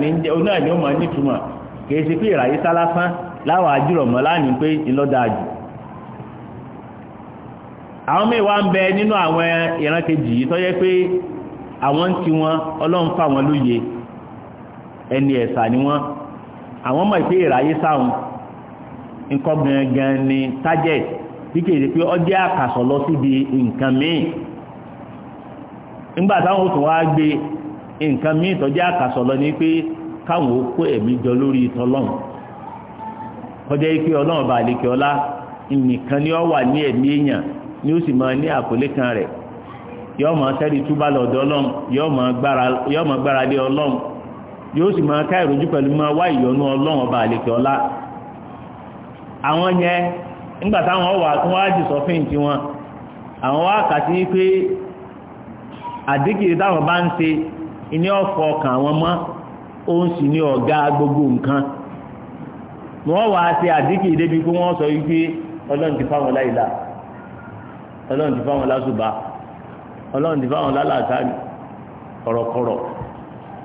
ni ó mọ̀ nítumọ̀ kì í ṣe pé ìráyé sá lásán láwọn àjùrọ̀ mọ́ láàánú pé ìlọ́dàájù àwọn mẹ́wàá ń bẹ nínú àwọn ìran kejì yìí tọ́jẹ́ pé àwọn tí wọn ọlọ́run fà wọn lóye ẹni ẹ̀sà ni wọn àwọn mọ̀ ìpé ìráyé sáhùn nǹkan gangan ni target bí kèdè pé ọ jẹ́ àkàsọ̀ lọ síbi nǹkan míì nígbà táwọn òtún wá gbé nǹkan míì àkàsọ̀ lọ ni pé káwọn kó ẹ̀mí jọ lórí tọlọ́run kọjá ikú ọlọ́run bá ni ọ wà ní ẹ̀mí èèyàn ni ó sì máa ní kan rẹ̀ sẹ́rí túbálọ̀ yóò sì máa ká ìrojú pẹ̀lú máa wá ìyọnu ọlọ́run ọba àlekè ọlá àwọn yẹn nígbà táwọn wà tí wọ́n á jù sọ́fìn tí wọn àwọn wá kà sí pé àdékìrì táwọn bá ń ṣe ní ọ̀fọ̀ ọkàn àwọn mọ́ òun sì ní ọ̀gá gbogbo nǹkan wọ́n wá ṣe àdékìrì débi pé wọ́n sọ wípé ọlọ́run ti fáwọn láìlà ọlọ́run ti fáwọn lásùbà ọlọ́run ti fáwọn lálàtà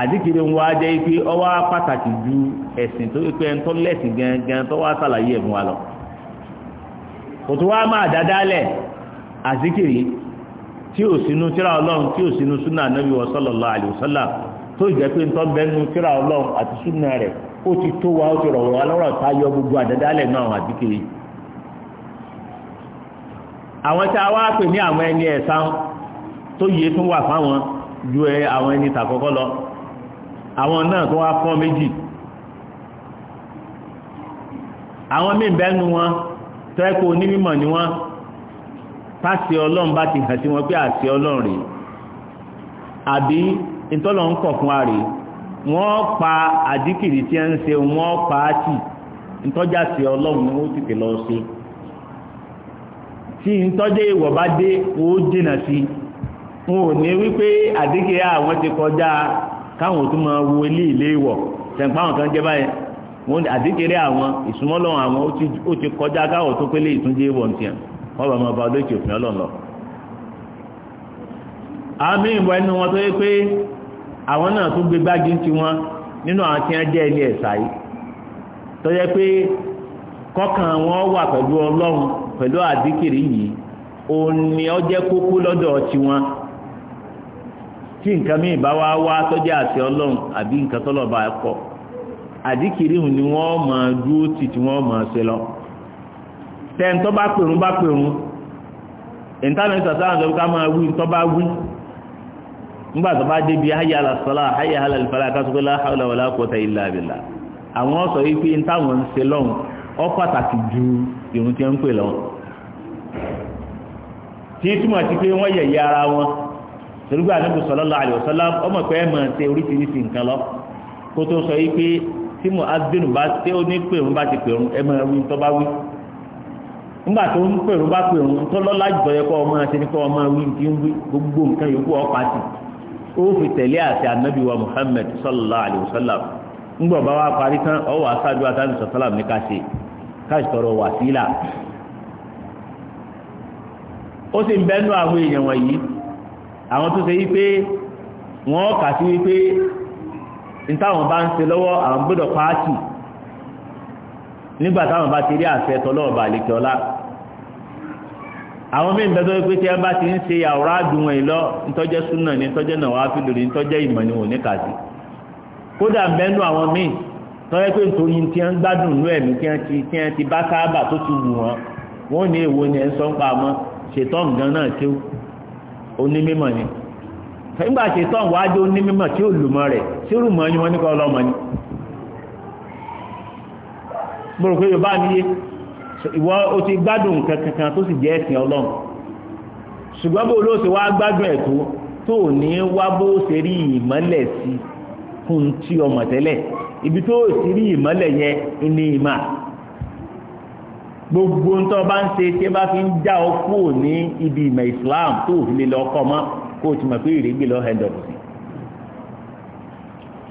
adikiri ń wá jẹ́ pé pataki pàtàkì ju ẹ̀sìn tó pé ń tọ́ lẹ́sìn gangan tó wá sàlàyé wa lọ kò tó wá máa dáadáa lẹ̀ àdìkiri tí ò sínú tíra ọlọ́run tí ò sínú súnà nàbí wa sallallahu alaihi tó jẹ́ pé ń tọ́ ti tó wa ó ti rọ̀ wá lọ́rọ̀ tá yọ gbogbo àdáadáa àwọn tí a wá pè ní àwọn ẹni ẹ̀sán tó yẹ tún wà fáwọn ju àwọn lọ àwọn náà tó wá fọ́ méjì àwọn míì bẹ́nu wọn tẹ́kọ̀ onímọ̀ ni wọ́n pàṣẹ ọlọ́run ti hàn wọn pé àṣẹ ọlọ́run rèé àbí ìtọ́lọ̀ ń kọ̀ fún wọ́n pa àdíkìrì tí ń ṣe wọ́n pa á tì sí ọlọ́run lọ sí tí ìtọ́jẹ́ ìwọ̀ bá dé ó dènà sí wọn ò ní wípé káwọn tó máa wo ilé ilé wọ tẹ̀ǹpá kan jẹ́ báyẹn wọn àdékèrè àwọn ìsúmọ́lọ́ àwọn ó ti kọjá káwọ̀ tó pélé ìtúndé wọ̀ ní tiẹ̀ bá máa ba olóòtú òfin ọlọ́run lọ. àmì ìwọ̀ ẹnu wọn tó yẹ pé àwọn náà tún gbé gbági ti wọn nínú àwọn tí wọ́n jẹ́ ilé ẹ̀sà yìí tó yẹ pé kọ́kàn wọn wà tí nǹkan míì bá wá wá tọ́jà àti ọlọ́run àbí nǹkan tọ́lọ̀ bá kọ́ àdìkìrìhùn ni wọ́n máa dúró tì tí wọ́n máa ṣe lọ tẹ́ni tó bá pèrún bá pèrún ìntánẹ́tì àtàwọn ọ̀dọ́ máa wí tó bá wí nígbà bá débi hayya ala salah hayya ala al-falah kásùkú la hawla wala quwwata illa billah àwọn sọ yìí pé ìntàwọn ń ṣe lọ́hùn ó pàtàkì ju ìrun tí ń pè lọ́hùn tí túmọ̀ sí pé wọ́n yẹ̀yẹ́ ara wọn torí pé Ànábì sallallahu alaihi ọmọ pé ẹ̀ oríṣiríṣi nǹkan lọ kó tó sọ yìí pé tí mo adínú bá tẹ́ ó ní pèrún bá ti pèrún ẹ tó bá wí nígbà tó ń pèrún bá pèrún tó jùlọ yẹ kó ọmọ àti kó ọmọ wí ti ń wí gbogbo nǹkan yòókù ọ̀pá tì ó fi tẹ̀lé àti wa Muhammad sallallahu alaihi ńgbọ̀ bá wa parí tán àwọn tó ṣe wípé wọ́n kà sí wípé ní táwọn bá ń ṣe lọ́wọ́ àwọn gbọ́dọ̀ pàátì nígbà táwọn bá ti rí àṣẹ tọ́lọ́ọ̀bà àlèkè ọlá àwọn míì ń bẹ tó pé tí ẹ bá ti ń ṣe àwòrán àdùn wọn lọ ntọ́jẹ́ súnà ní ntọ́jẹ́ náà wàá fi lórí ntọ́jẹ́ ìmọ̀ ni wọn ò ní kà sí kódà mbẹ́nu àwọn míì tọ́jẹ́ pé nítorí tí wọ́n ń gbádùn inú ẹ̀mí tí wọ́n ti tí wọ́n ti bá sáábà tó ti wù wọ́n wọ́n ní èwo ni ẹ̀ ń sọ ń pa mọ́ ṣètọ́ nǹkan náà kéwù onímímọ̀ ni nígbà tí tọ́n jẹ́ onímímọ̀ tí ó lùmọ̀ rẹ̀ tí ó rùmọ̀ ẹni ní kọ́ o ti gbádùn kankan tó sì jẹ́ ẹ̀sìn ọlọ́run ṣùgbọ́n bó ló wá ẹ̀ tó tó ní ibi tó gbogbo ntọ́ bá ń ṣe tí fi ń já ní ibi ìmọ̀ Islam tó òfin lè ọkọ mọ́ kó o ti mọ̀ pé ìrégbè sí.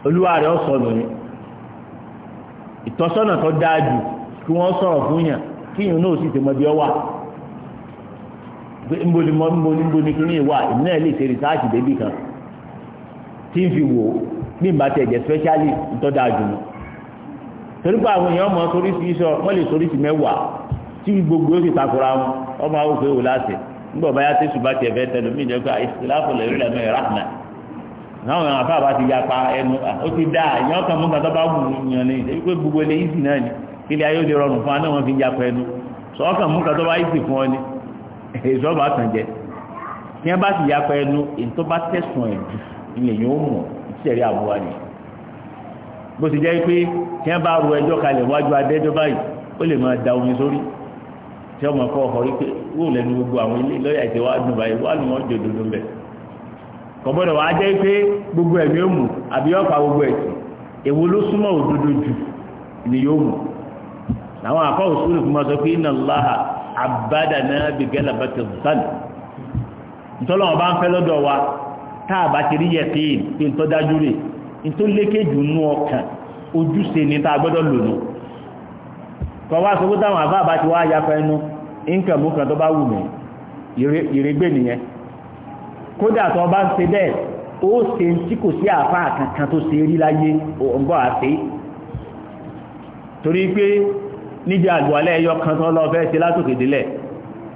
olúwa rẹ̀ ọ sọ ni ìtọ́sọ́nà tó dáa jù kí wọ́n sọ̀rọ̀ fún yàn kí yìnyín náà sì ti mọ bí kan tí fi wò bí n bá tẹ̀ torí pé àwọn èèyàn isi sórí ti le wọ́n lè sórí tí gbogbo sì takora wọn ọmọ àwọn òfin láti nígbà bá tẹ̀lé mí jẹ́ pé ya pa ẹnu ó ti dá èèyàn kan mú kàtọ́ bá wù yàn ní pé gbogbo ilé ìsì náà ni kílẹ̀ ayé rọrùn fún wa fi ya pa ẹnu sọ́ọ̀kan mú kàtọ́ bá ìsì fún ọ ya pa ẹnu bó ti jẹ́ pé tí wọ́n bá ru ẹjọ́ kalẹ̀ wájú adẹ́jọ́ báyìí ó lè máa da omi sórí tí wọ́n máa kọ́ ọkọ̀ wípé wò lẹ́nu gbogbo àwọn ilé lọ́yà ìtẹ̀wá dùn báyìí wà lù wọ́n jò dòdò bẹ̀. kọ̀bọ́dọ̀ jẹ́ pé gbogbo ẹ̀mí ó mú àbí gbogbo ẹ̀sìn èwo ló súnmọ́ òdodo jù ni yóò mú. fún wọn sọ pé iná láha àbádà náà bí tó lékejì nú ọkàn ojúṣe ní tá a gbọ́dọ̀ lò nù kọ wá sọ pé táwọn àbáàbá ti wá yapa iregbe nǹkan mú kan tó bá wù mí ìrégbè nìyẹn kódà tó bá ń se bẹ́ẹ̀ ó ṣe tí kò sí àáfàá kankan tó ṣe rí láyé àti torí pé níbi àgbọ̀lẹ́ ẹyọ kan tó lọ fẹ́ ṣe látòkè délẹ̀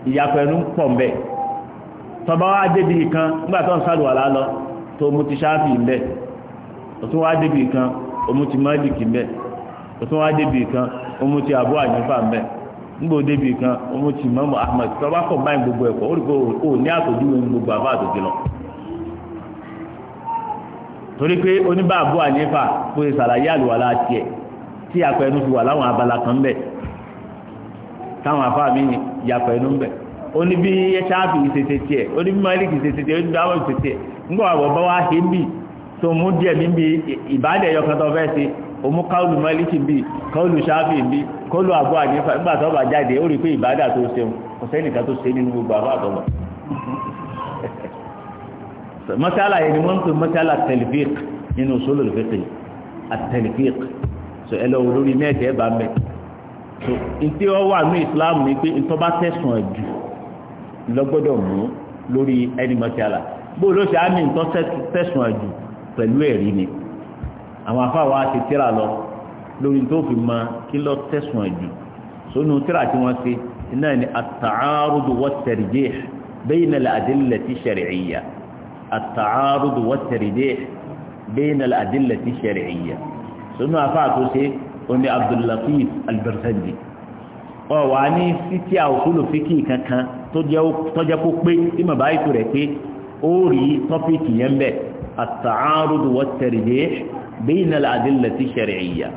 ìyapa ẹnu pọ̀ ń bẹ̀ tọba wá débi kan nígbà tó ń lọ tó mú ti ṣáàfì ń òtún wá débi kan òmu ti Málíkì mbẹ òtún wá débi kan òmu ti Abu Hanifa mbẹ nígbò débi kan òmu ti Imamu Ahmad tọ́ba kọ̀ báyìí gbogbo ẹ̀kọ́ ó rí kó o ní àtòjúwe gbogbo àbá àtòjì lọ torí pé oníbà Abu Hanifa kò lè ṣàlàyé àlùwàlá tiẹ̀ tí apẹnu fi wà láwọn abala kan mbẹ táwọn afáàmì yàpẹnu mbẹ oníbi Ṣáfì ìṣèṣe tiẹ̀ oníbi Málíkì ìṣèṣe tiẹ̀ oníbi àwọn ìṣèṣe tiẹ̀ ńgbọ́n àwọ̀ bá wá ṣe tó mú díẹ̀ níbi ìbádẹ̀ yọkan tó fẹ́ ṣe o mú káòlù mọ́líkì bí káòlù ṣáfì bí káòlù àbú ànífà nígbà tó bá jáde ó rí pé ìbádà tó ṣeun kò sẹ́nìkan tó ṣe nínú gbogbo àbá àtọ́lọ̀ mọ́sálà yẹn ni wọ́n ń pè mọ́sálà tẹlifík nínú sólò lùfẹ́tẹ̀ àtẹlifík so ẹ lọ lórí mẹ́ẹ̀dẹ́ bá mẹ́ so ntí wọ́n wà ní ìsìláàmù ni pé ntọ́ bá tẹ̀sùn ẹ̀ jù lọ́gbọ́dọ̀ mú lórí ẹni mọ́sálà bó ló ṣe á ní ntọ́ tẹ̀sùn ẹ̀ pẹ̀lú ẹ̀rí ni àwọn afáwa ti tíra lọ lórí tó fi ma kí lọ tẹ̀sùn ẹ̀jù sónú tíra tí wọ́n ṣe náà ni at-ta'arud wa at-tarjih bayna al-adillati ash-shar'iyyah at-ta'arud wa at-tarjih bayna al-adillati ash-shar'iyyah sónú afáà tó ṣe oní abdul التعارض والترجيح بين الأدلة الشرعية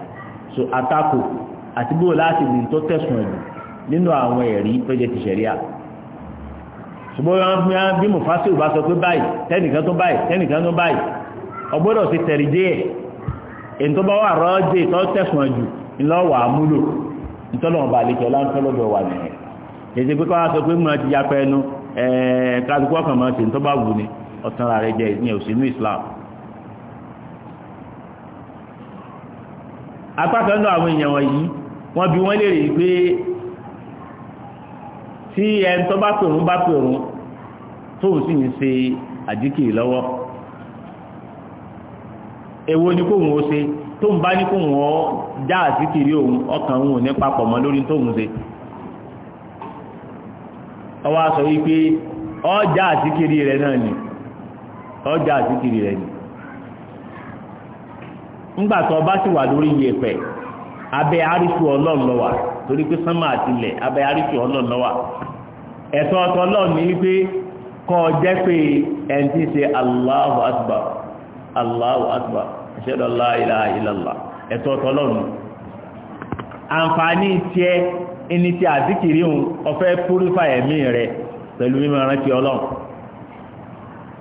so atako àti bó láti gbìn tó tẹ̀sùn ẹ̀dùn nínú àwọn ẹ̀rí tó jẹ́ ti ṣẹ̀ríà ṣùgbọ́n wọn fi hàn bí mufasiru bá sọ pé báyìí tẹnìkan tó báyìí tẹnìkan tó báyìí ọgbọ́dọ̀ ti tẹ̀rìdé ẹ̀ èyí tó bá wà rọ́ọ̀dé tó tẹ̀sùn ẹ̀dùn ńlọ́wọ́ àmúlò ntọ́lọ́wọ́n bá lè kẹ́ láńtọ́lọ́dọ̀ wà nìyẹn èyí pé kọ́ wá sọ pé mo ti yapa ẹnu ẹ̀ẹ́d ọ̀tún ara rẹ̀ jẹ́ ìyẹn òsínú Islam. apákan náà àwọn èèyàn wọ̀nyí wọ́n bi wọ́n léèrè pé tí ẹni tó bá pèrún bá pèrún tóun sì ń ṣe àdíkìrì lọ́wọ́ èwo ni kóun ó ṣe tóun bá ní kóun ó já àdíkìrì òun ọkàn òun ò ní papọ̀ mọ́ lórí tóun ṣe ọwọ́ aṣọ wípé ọjà àdíkìrì rẹ̀ náà nìí ọjà àtìkiri rẹ̀ ni ńgbà tó ọba sì wà lórí yẹ̀pẹ̀ abẹ́ àríṣù ọlọ́run wà torí pé sánmà àtìlẹ̀ abẹ́ àríṣù ọlọ́run wà ẹ̀tọ́ ọ̀tọ̀ ọlọ́run ni wípé kọ́ jẹ́ pé ẹni tí ṣe Allahu Akbar ẹ̀tọ́ àǹfààní ẹni tí ọ̀fẹ́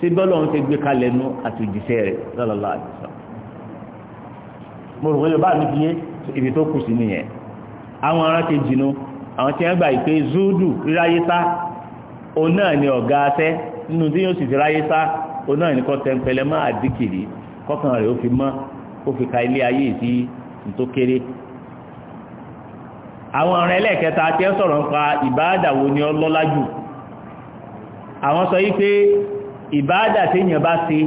ṣé bọ́lọ̀ ń ṣe gbé kalẹ̀ nu àtòjíṣẹ́ rẹ̀ sallallahu alaihi wasallam mo rò wọ́n yóò bá mi fi yé ibi tó kù sí nìyẹn àwọn ará kejì nu àwọn tí wọ́n gbà pé zúdù ríráyé òun náà ni ọ̀gá aṣẹ́ nínú tí yóò sì ti ráyé sá òun náà ni kọ́ tẹ́ńpẹ́lẹ́ má àdìkìrì kọ́kàn rẹ̀ ó fi mọ́ ó fi àwọn ọ̀rẹ́ ẹlẹ́ẹ̀kẹta tí ẹ sọ̀rọ̀ nípa ìbáàdàwò ni ọlọ́lá àwọn sọ yí pé ìbáàdà téèyàn bá ṣe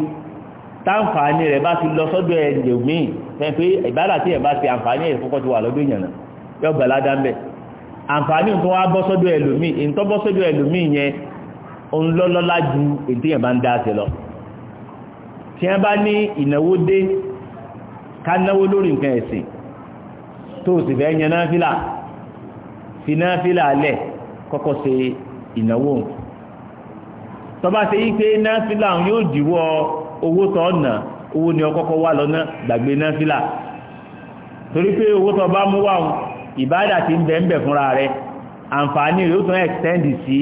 táǹfààní rẹ̀ bá ti lọ sọ́dọ̀ ẹ̀jẹ̀ míì fẹ́ pé ìbáàdà téèyàn bá ṣe àǹfààní ẹ̀ kọ́kọ́ ti wà lọ́dọ̀ èèyàn náà yọ gbàládá ń bẹ̀ àǹfààní tó wá bọ́ sọ́dọ̀ ẹlòmíì èyí tó bọ́ sọ́dọ̀ ẹlòmíì yẹn òun lọ́lọ́lá ju èyí téèyàn bá ń dá ìnáwó ìnáwó tọ́ba ṣe yí pé náfìlà yóò dìwọ́ owó tọ́ ọ̀nà owó ni ọkọ́kọ́ wà lọ́nà gbàgbé náfìlà torí pé owó tọ́ bá mú wà ìbádà ti ń bẹ̀ ń bẹ̀ fúnra rẹ̀ àǹfààní rẹ̀ ó tún extend sí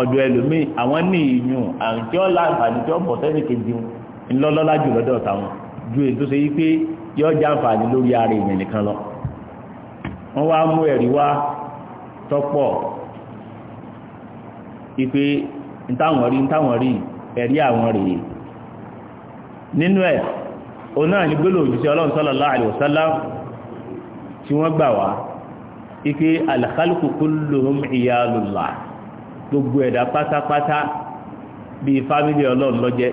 ọ̀dọ̀ ẹlòmíì àwọn ní ìyún àǹtí ọ̀la àǹfààní tí ó bọ̀ sẹ́ni kejì ńlọ́lọ́lá jù lọ́dọ̀ táwọn ju èyí tó ṣe yí pé yọ jẹ́ àǹfààní lórí ara ìyẹn nìkan lọ wọ́n wá mú ẹ̀rí wá tọ́pọ̀ ìpè ntáwọn rí ntáwọn rí ẹ̀rí àwọn rèé nínú ẹ̀ òun náà ní gbólóhùn òjíṣẹ́ ọlọ́run sallallahu alaihi wasallam tí wọ́n gbà wá ike al-khalqu kulluhum iyalullah gbogbo ẹ̀dá pátápátá bíi fámílì ọlọ́run lọ́jẹ́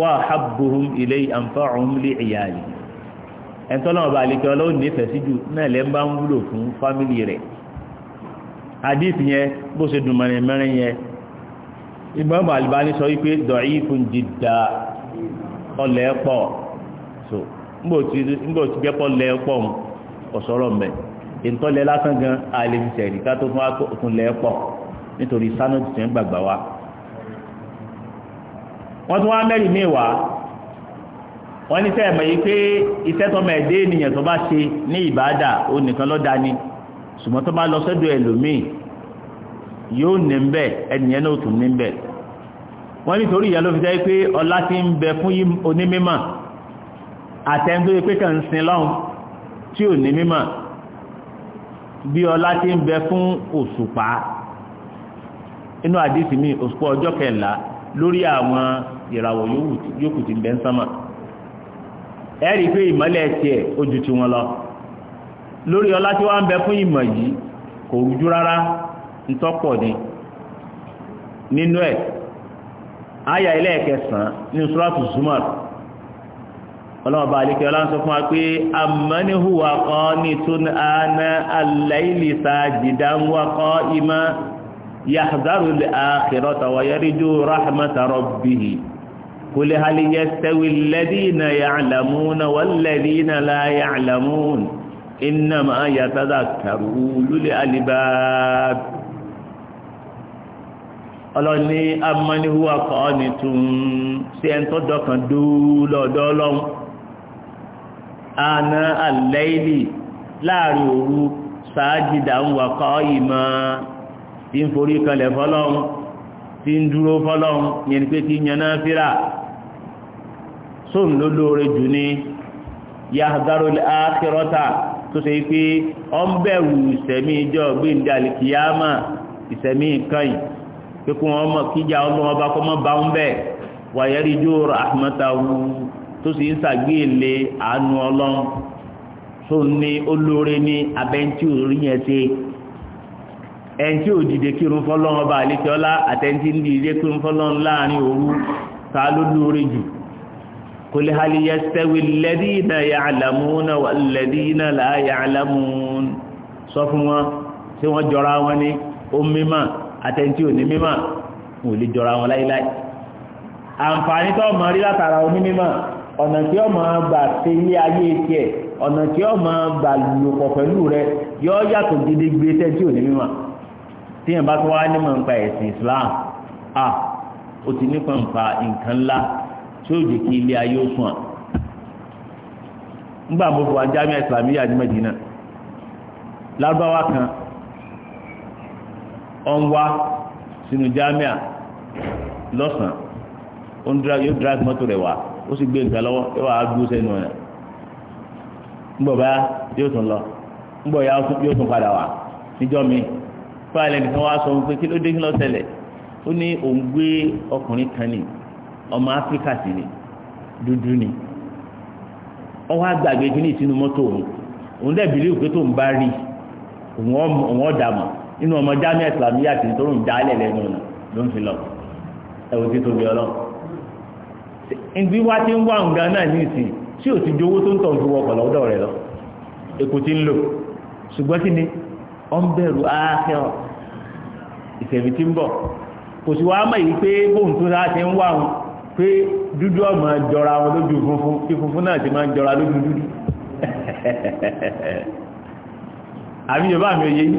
wa habbuhum ilay anfa'uhum hadith yẹn bó ṣe dùn mẹ́rin yẹn Imam Albani sọ wípé da'ifun jidda ọlẹ́ pọ̀ so ńgbò tí jẹ́pọ̀ lẹ́ pọ̀ ọ̀sọ́rọ̀ mẹ́ ìtọ́lẹ̀ lásán gan àìlèmísẹ̀ ìdíká tó fún akókun lẹ́ pọ̀ nítorí sánúdì tẹ́ ń gbàgbà wa wọ́n yóò ní bẹ́ ẹnìyẹn náà tún ní bẹ́ wọ́n nítorí ìyá ló fi jẹ́ pé ọlá ti ń bẹ fún onímímọ̀ àtẹ́m tó pé kàn ń sin lọ́hùn tí ò ní mímọ̀ bí ọlá ti ń bẹ fún òṣùpá inú àdìsí mi òṣùpá ọjọ́ kẹlá lórí àwọn ìràwọ̀ yòókù ti bẹ́ ń sánmà ẹ rí i pé ìmọ́lẹ̀ tiẹ̀ ojú ti wọn lọ lórí ọlá tí wọ́n ń bẹ fún ìmọ̀ yìí kò rújú rárá ntọ́pọ̀ ni nínú ẹ̀ àyà ẹlẹ́ẹ̀kẹsàn-án ní sùràtù Zumar ọlọ́run bá àlékè ọlọ́run sọ fún wa pé ammani huwa qanitun ana al-layli sajidan wa qa'iman yahzaru al-akhirata wa yarju rahmata rabbih qul hal yastawi alladhina ya'lamuna walladhina la ya'lamun innama yatadhakkaru ulul albab ọlọ́ni amanihuwa kọ́ọ̀nì tún sí ẹn tó dọ́kan dúlọ́dọ́ ọlọ́run àna àlẹ́ìlì láàrin òru sáájìdà ń wà kọ́ọ̀yì mọ́ tí ń forí kanlẹ̀ fọ́lọ́run tí ń dúró fọ́lọ́run yẹn pé tí yaná fíra sóun ló lóore jù ní yahdaru ìsẹ̀mí ìjọ pé kó wọn mọ̀ kíjà ọlọ́wọ́n bá kọ́ mọ́ bá ń bẹ̀ wàyẹ́rì jó rahmatahu tó sì ń sàgbéèlé àánú ọlọ́run tó ní olóore ní abẹ́ntí orí yẹn ṣe ẹ̀ntí òdìdè kírun fọ́lọ́run bá àlékè ọlá ń dìde kírun fọ́lọ́run láàrin òru ta ló lóore jù قل هل يستوي الذين يعلمون والذين لا يعلمون sọ fún wọn ṣé wọ́n jọra wọn ní omi máa àtẹ̀ntì òní mímọ̀ wọn ò lè jọra wọn láíláí àǹfààní tó mọ̀ rí látara òní mímọ̀ ọ̀nà tí ọmọ gbà ṣe ilé ayé tiẹ̀ ọ̀nà tí ọmọ gbà lòpọ̀ pẹ̀lú rẹ yọ yàtọ̀ gidigbe tẹ́ntì òní mímọ̀ tí bá tó wá nímọ̀ nípa ẹ̀sìn Islam ah ó ti nípa nípa nǹkan ńlá tí ó jẹ́ kí ilé ayé ó sùn à ńgbà mo fọ àjámẹ́ Islamiyya ní Mẹ́dínà lárúbáwá kan Ọnwa sínú jámíà lọ́sàn-án yóò drive mọ́tò rẹ̀ wá ó sì gbé nǹkan lọ́wọ́ yóò wá dúró sẹ́nu ọ̀nà ńgbọ̀ bá yóò tún lọ ńgbọ̀ ya yóò tún padà wá níjọ́ mi fáìlẹ̀ nìkan wá sọ pé kí ló dé kí ló tẹ̀lẹ̀ ó ní òun gbé ọkùnrin kan ní ọmọ áfíríkà sí ni dúdú ni ọwọ́ àgbàgbé kí ní ìsinú mọ́tò òun nínú ọmọ jamiu islamiyya tí tó ń dálẹ̀ lẹ́nu ọ̀nà ló ń fi lọ ẹ̀wọ̀n tí tóbi ọlọ́ ibi wá ti ń wá nǹkan náà ní ìsìn tí ò ti ju owó tó ń tọ̀ ju wọkọ̀ lọ́dọ̀ rẹ̀ lọ èkó ti ń lò ṣùgbọ́n kí ni ọ ń bẹ̀rù ááfẹ́ ọ̀ ìṣẹ̀mí tí ń bọ̀ kò sí wàá mọ̀ yìí pé bóun tó náà ti ń wá wọn pé dúdú ọmọ jọra wọn lójú funfun tí funfun náà ti máa ń jọra lójú dúdú àbí yorùbá mi ò yé yìí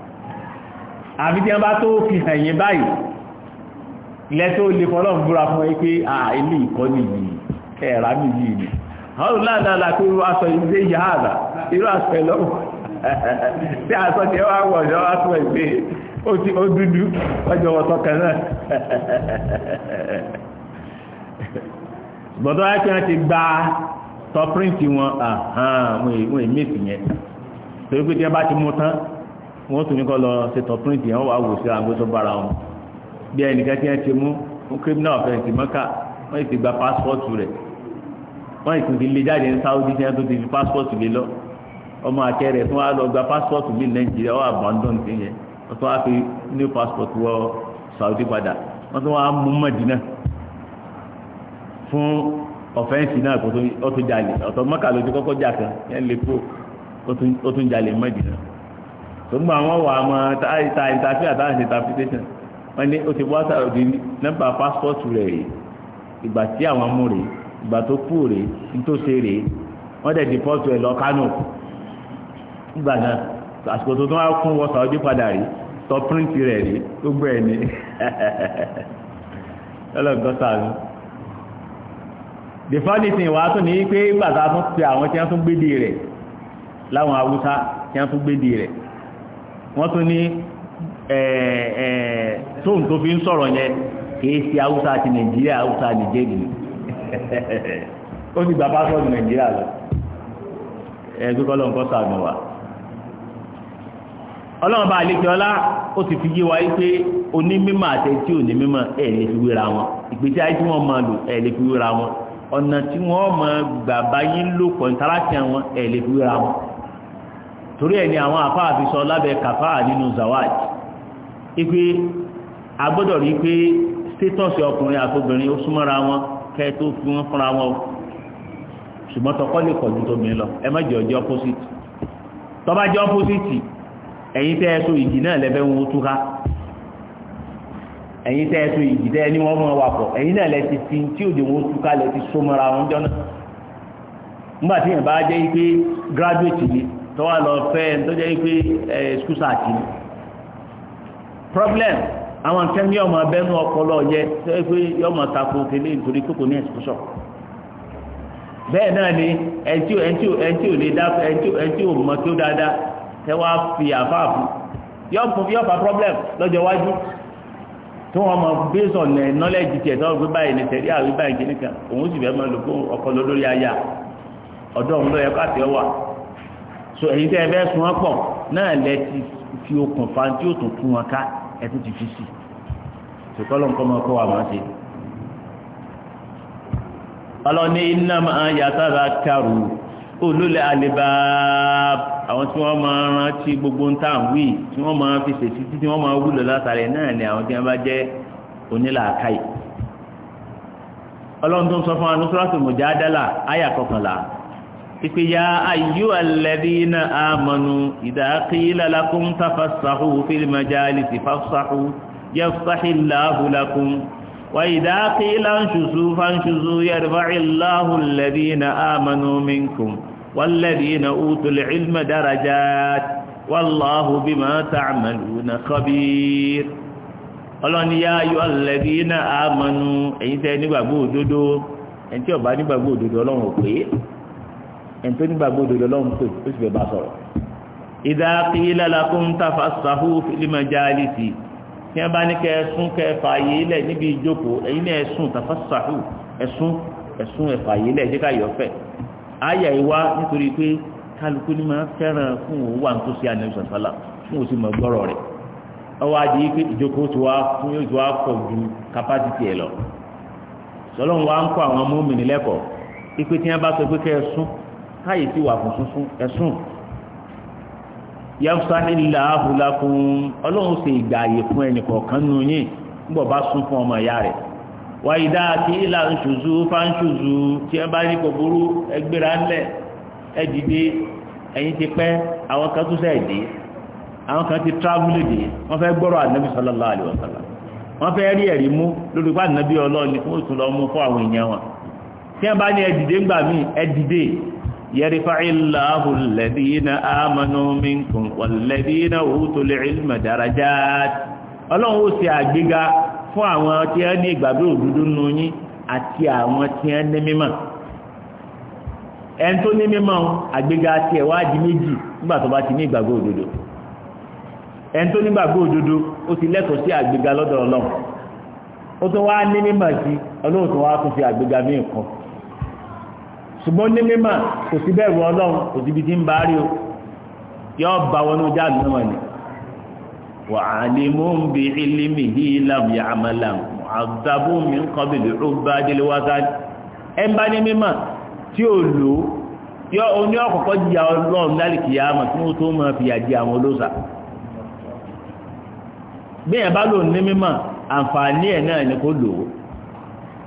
àbí tí wọ́n bá tó fi hàn yín báyìí lẹ́tọ́ lè fọ́lọ́ búra fún ẹ pé à ilé ìkọ́ni yìí ẹ̀rá mi yìí ni àwọn olùlàdàlà pé irú aṣọ ilé yìí ààbà irú aṣọ ẹlọ́wọ́ tí aṣọ tí wọ́n wọ̀ ní wọ́n aṣọ ìgbé ó ti ó dúdú ọjọ́ ọ̀tọ̀ kan náà gbọ́dọ̀ wáyé kí wọ́n ti gba tọ́píríǹtì wọn àhán wọn tí wọ́n bá ti wọ́n tún ní kọ́ lọ ṣe tọ̀ print yẹn wọ́n wà wò sí àgbo tó bára wọn bí ẹnìkan tí wọ́n ti mú fún criminal offence mọ́kà wọ́n ti gba passport rẹ̀
wọ́n ti ti lé jáde ní Saudi tí wọ́n tó
ti fi passport lé lọ ọmọ akẹ́ rẹ̀ tí wọ́n á lọ gba passport mi Nàìjíríà wọ́n abandon ti yẹn wọ́n tún wá fi new passport wọ Saudi padà wọ́n tún wá mú Mọ̀dínà fún ọ̀fẹ́ǹsì náà kó tó jalè ọ̀tọ̀ mọ́kà ló ti kọ́kọ́ jà kan yẹn lè kó ó tún jalè Mọ̀dínà tó ń gba àwọn wà á máa ta ìta ìtafí àtàwọn ìṣe interpretation wọ́n ní o ti wá sáà di nọ́mbà pásítọ̀tù rẹ̀ rè ìgbà tí àwọn mú rè ìgbà tó kú rè nítòsí rè wọ́n dẹ̀ dìpọ́tù ẹ̀ lọ Kánò nígbà náà àsìkò tó tún kún wọ Saudi padà rí tọ píríǹtì rẹ̀ rí gbogbo ẹ̀ ní ọlọ́gọ́sà ni the funny thing wàá tún ní pé gbàtà tún pe àwọn tí wọ́n tún gbédè rẹ̀ láwọn Haúsá tí wọ́n tún gbédè rẹ̀ wọ́n tún ní tóun tó fi ń sọ̀rọ̀ yẹn kìí ṣe haúsá ti nàìjíríà haúsá nìjẹ́rì ó ní bàbá sọ́ọ̀dù nàìjíríà lọ ẹgbẹ́ kọ́ lọ́nkọ́ sàmì wa ọlọ́run bá àlejò ọlá ó ti fi yé wa pé onímímọ̀ àti tí onímímọ̀ ẹ̀ lè fi wéra wọn ìgbésí ayé tí wọ́n máa lò ẹ̀ lè fi wéra wọn ọ̀nà tí wọ́n máa gbà báyìí lò pọ̀ ní tàlàkì àwọn ẹ̀ lè fi wéra wọn. torí ẹni àwọn àfá àfisọ lábẹ́ kàfá nínú zawaj ipe agbọ́dọ̀ rí pé stétọ́sì ọkùnrin àtobìnrin ó súnmọ́ra wọn kẹ́ fi wọ́n fúnra wọn ṣùgbọ́n tọkọ lè pọ̀ ju tóbi lọ ẹ jẹ́ ìjì náà wọn ìjì ní wọ́n náà ti wọn graduate tọ́wà lọ fẹ́ tó jẹ́ pé school search ni problem àwọn nǹkan ní ọmọ abẹ́nú ọpọlọ yẹ tó yẹ pé yọmọ tako tẹlé nítorí kókò ní ẹ̀sìkúṣọ̀ bẹ́ẹ̀ náà ni ẹtí ẹtí ẹtí ò lè dá ẹtí ẹtí ò mọ kí ó dáadáa tẹ wá fi àfáàfù yọ fún yọ fa problem lọ́jọ́ iwájú tó wọn mọ based on knowledge tiẹ̀ tó wọn gbé báyìí ní tẹ̀lé àwọn ibà ìjẹ́ nìkan òun sì fẹ́ mọ lòkó ọkọ̀ lórí aya ọ̀dọ́ òun ló yẹ káàtì ọ so èyí tẹ́ ẹ fẹ́ sun wọn pọ̀ náà lẹ ti fi okùnfà tí ó tún tú wọn ká ẹ tún ti fi sí tòkọ́lọ́ nǹkan máa kọ́ wa máa ṣe. ọlọ́ni iná máa yàtọ̀ ra kàrú olólè àlebà àwọn tí wọ́n máa rántí gbogbo ń tàn wí tí wọ́n máa fi ṣèṣì títí wọ́n máa wúlò látàrí náà ni àwọn tí wọ́n bá jẹ́ onílàákàyè. ọlọ́run tó ń sọ fún wa ní sọ́ràtì mọ̀já áyà kọkànlá pípé ya ayú alẹ́dínà àmọ́nu ìdákílá lakum tafassahu fil majalisi fafsahu yafsahillahu lakum wa ìdákílá ṣùsù fánṣùsù yarfa'illahu alẹ́dínà àmọ́nu minkum والذين أوتوا العلم درجات والله بما تعملون خبير ọlọ́ni yá ayọ́ alẹ́bí náà àmọ́nu èyí tẹ́ nígbàgbọ́ ó ẹ̀ńtọ́ nígbàgbọ́ òdòdó lọ́wọ́ pé ó sì fẹ́ bá sọ̀rọ̀ ìdá qila lakum tafassahu fil majalisi tí wọ́n bá ní kẹ́ ẹ̀sùn kẹ́ ẹ̀fà yìí lẹ̀ níbi ìjókòó ẹ̀yin náà ẹ̀sùn tafassahu ẹ̀sùn ẹ̀sùn ẹ̀fà yìí lẹ̀ jẹ́ká yọ̀ fẹ́ àyà ìwá nítorí pé kálukú ni máa fẹ́ràn fún òun wà tó ṣe àná ìṣàṣàlà fún òsì mọ̀ gbọ́rọ̀ rẹ̀ ọwọ́ adé yìí pé ìjókòó ti wá fún yóò ti wá ju kapásítì ẹ̀ lọ sọlọ́run wa ń kọ́ àwọn mọ́mìnì lẹ́kọ̀ọ́ ipe tí wọ́n bá sọ pé kẹ́ ẹ sún káyè tí wà fún sunsun ẹ̀sùn yafsahi Allahu lakum ọlọ́run ṣe ìgbà àyè fún ẹnì kọ̀ọ̀kan nù yín nígbà bá sún fún ọmọ ìyá rẹ̀ wà ìdá àti ìlà nṣùzú fáńṣùzú tí ẹ bá ní kò burú ẹgbẹ́ra ńlẹ̀ ẹ dìde ẹ̀yin ti pẹ́ àwọn kan tún sẹ́ẹ̀ dé àwọn kan ti tíráfúlì dé wọ́n fẹ́ gbọ́rọ̀ ànábì sallallahu alaihi wasallam wọ́n fẹ́ rí ẹ̀rí mú lórí pàdánù bí ọlọ́ọ̀ni fún òṣùlọ́mú fún àwọn èèyàn wọn tí ẹ bá ní ẹ dìde ńgbà míì ẹ dìde يرفع الله الذين آمنوا منكم والذين أوتوا العلم درجات ọlọ́run ó ṣe àgbéga fún àwọn tí ẹ ní ìgbàgbé àwọn ẹ ẹn tó ní mímọ̀ àgbéga tí ẹ nígbà tó ti ní ìgbàgbé òdodo ẹn tó ní ìgbàgbé òdodo ó ti sí ó wá ní mímọ̀ sí ṣùgbọ́n ní mímọ̀ kò sí bẹ̀rù ọlọ́run kò síbi tí ń bá rí o yọ bá wọnú jáde náà ni wà á lè mú ń bi ilimi hí lam ya amalam àdàbò mi ń kọ́ bèbè ó bá délé wá sáré ẹ ń ní mímọ̀ tí ò lò ó yọ oní ọ̀kọ̀kọ́ jìyà ọlọ́run lálẹ́ kìyà àmọ̀ tí wọ́n tó máa fìyà jẹ àwọn olóòṣà bí ẹ̀ bá lò ní mímọ̀ àǹfààní ẹ̀ náà ni kò lò ó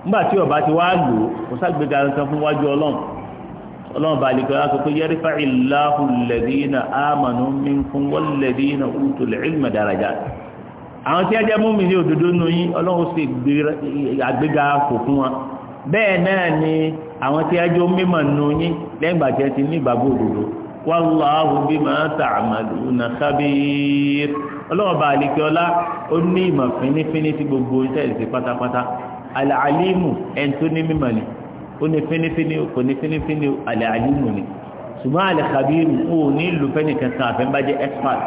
nígbà tí ọba ti wá lò kò ságbéga nǹkan fún wájú ọlọ́run ọlọ́run bá lè gbọ́dọ̀ sọ pé yẹ́rìfà ìlàhù lẹ́dínà àmànú mímkún wọ́n lẹ́dínà utul ilma daraja àwọn tí a jẹ́ múmi ní òdodo nù yín ọlọ́run sì àgbéga kò fún wọn bẹ́ẹ̀ náà ni àwọn tí a jẹ́ mímọ̀ nù yín lẹ́yìn ìgbà tí a ti ní ìgbàgbọ́ òdodo wallahu bima ta'maluna khabir ọlọ́run bá lè gbọ́dọ̀ ó ní ìmọ̀ fínífíní sí gbogbo alàálímù ẹn tó ní mímọ̀ ni ó ní fínífíní kò ní fínífíní alàálímù ni ṣùgbọ́n alàkàbírù ó ní ìlú fẹ́nìkan kan àfẹ́ bá jẹ́ expert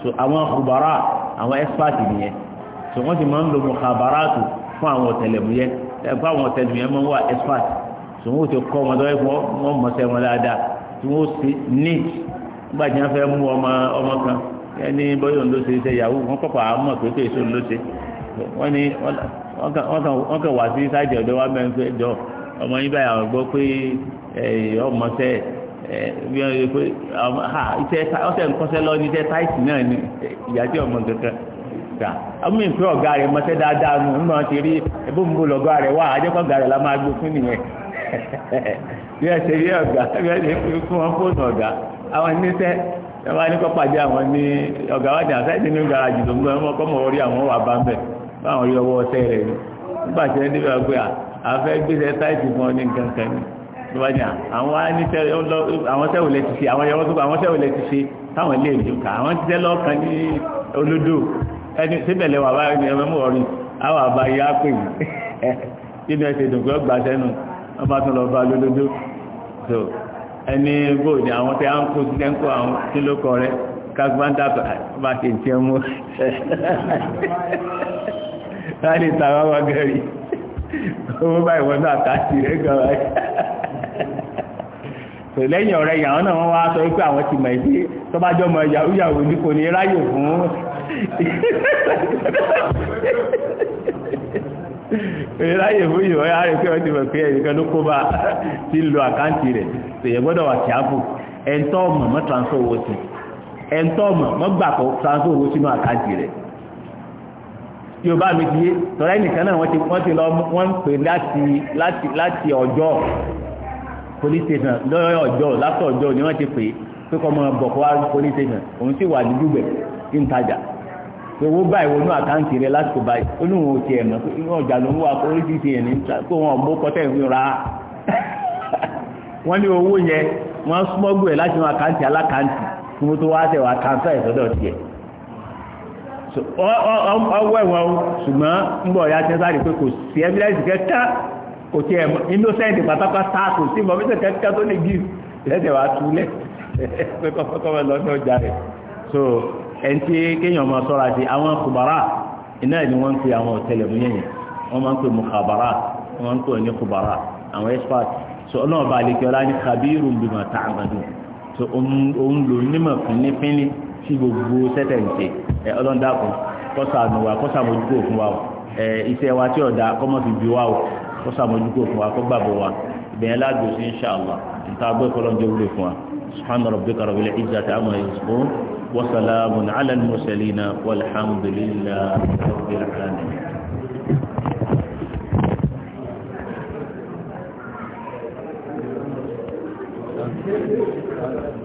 so àwọn khubara àwọn expert nìyẹn so wọ́n ti máa ń lo mukhabaratu fún àwọn ọ̀tẹlẹ̀múyẹ́ fún àwọn ọ̀tẹlẹ̀múyẹ́ máa ń wà expert so wọ́n ti kọ́ wọn lọ́wọ́ fún wọn mọ̀ọ́sẹ̀ wọn dáadáa tí wọ́n ti wọ́n kàn wá sí sáìdì ọ̀dọ́ wa mẹ́rin pé jọ ọmọ yín báyà gbọ́ pé ọmọ bí wọ́n yẹ pé ọ̀sẹ̀ nkọ́sẹ́ lọ ní iṣẹ́ táìsì náà ni ìyá tí ọmọ kankan gbà ọmọ ìpè ọ̀gá rẹ̀ mọ́sẹ́ dáadáa nù nígbà wọn ti rí ebó lọ́gọ́ rẹ̀ wá àjẹkọ̀ rẹ̀ la máa gbó fún nìyẹn bí ẹ báwọn yọ ọwọ́ ọtẹ rẹ̀ ni nígbà tí wọ́n débi àgbẹ̀ àfẹ́ gbèsè táìtì fún ọ ní nǹkan kan ni ló bá ní àwọn anítẹ́rẹ́ àwọn sẹ́wò lẹ ti ṣe àwọn yọwọ́ tó kọ àwọn sẹ́wò lẹ ti ṣe táwọn ilé ìlú kà àwọn ti tẹ́ lọ́ọ̀kan ní olódò ẹni síbẹ̀lẹ̀ wà báyìí ẹ̀mọ́ mọ̀ ọ̀rìn àbáyé ápè yìí ẹ̀sẹ̀ ìdùnkú ọgbà láàrin tàbá wà gẹ̀rí owó báyìí wọ́n náà tàbí rẹ̀ gan wáyé tò lẹ́yìn ọ̀rẹ́ ìyàwó náà wọ́n wá sọ wípé àwọn ti mọ̀ ìdí tó bá jọ mọ̀ ìyàwó ìyàwó ní kò ní ráyò fún ìráyè fún ìwọ̀ ya rẹ̀ pé wọ́n ti mọ̀ pé ẹ̀yìnkan ló kó ọmọ mọ́ transfer owó sí ẹ̀ńtọ́ ọmọ transfer owó sínú àkáǹtì rẹ̀ yorùbá mi ti yé tọ́lá ẹnìkan náà wọ́n ti wọ́n ti lọ wọ́n ń pè láti láti láti ọjọ́ police station lọ́yọ̀ ọjọ́ látọ̀ ọjọ́ ni wọ́n ti pè pé kọ́ mọ́ bọ̀kọ́ wá police station òun sì wà dúdú gbẹ̀ ń tajà owó báyìí wọnú àkáǹtì rẹ lásìkò báyìí ó ní òun ò tiẹ̀ mọ̀ pé inú ọjà ló ń wà police station ní kó wọn mú kọ́tẹ́ ìwé ra wọ́n ní owó yẹn wọ́n smọ́gbù ẹ̀ láti wọn àkáǹtì alákáǹtì fún tó wá tẹ̀ wọ́n àkáǹtì ẹ̀ sọ́dọ̀ tiẹ̀ ọwọ́ ìwọ̀n ṣùgbọ́n ń bọ̀ ya tẹ́sàrí pé kò sí evidence kẹta kò tí ẹ̀mọ́ innocent pátápátá kò sí information kẹta tó lè give lẹ́sẹ̀ wá túlẹ̀ pé kọ́kọ́kọ́ lọ ní ọjà rẹ̀ so ẹni tí kéèyàn máa sọ́ra sí àwọn kùbárà iná ni wọ́n ń pe àwọn ọ̀tẹlẹ̀múyẹ̀ yẹn wọ́n máa ń pe mùkàbárà wọ́n so ọlọ́ọ̀bà àlekẹ́ọ́lá ní khabirun bímọ tààmàdùn so òun lò nímọ̀ fínnífínní sí gbogbo sẹ́tẹ̀ǹtì ẹ ọlọ́ndàkùn kọ́sà ànú wa kọ́sà àmójúkò fún wa o ẹ iṣẹ́ wa tí ọ̀dà kọ́mọ̀tì bí wa o kọ́sà àmójúkò fún wa kọ́ gbàgbọ́ wa ìbẹ̀yẹn láàgbò sí inṣàlá níta gbọ́ ìkọlọ́njẹ́ wúlò fún wa subhana rabbika rabbil izzati amma yasifun wa salamun ala al mursalin walhamdulillahi rabbil alamin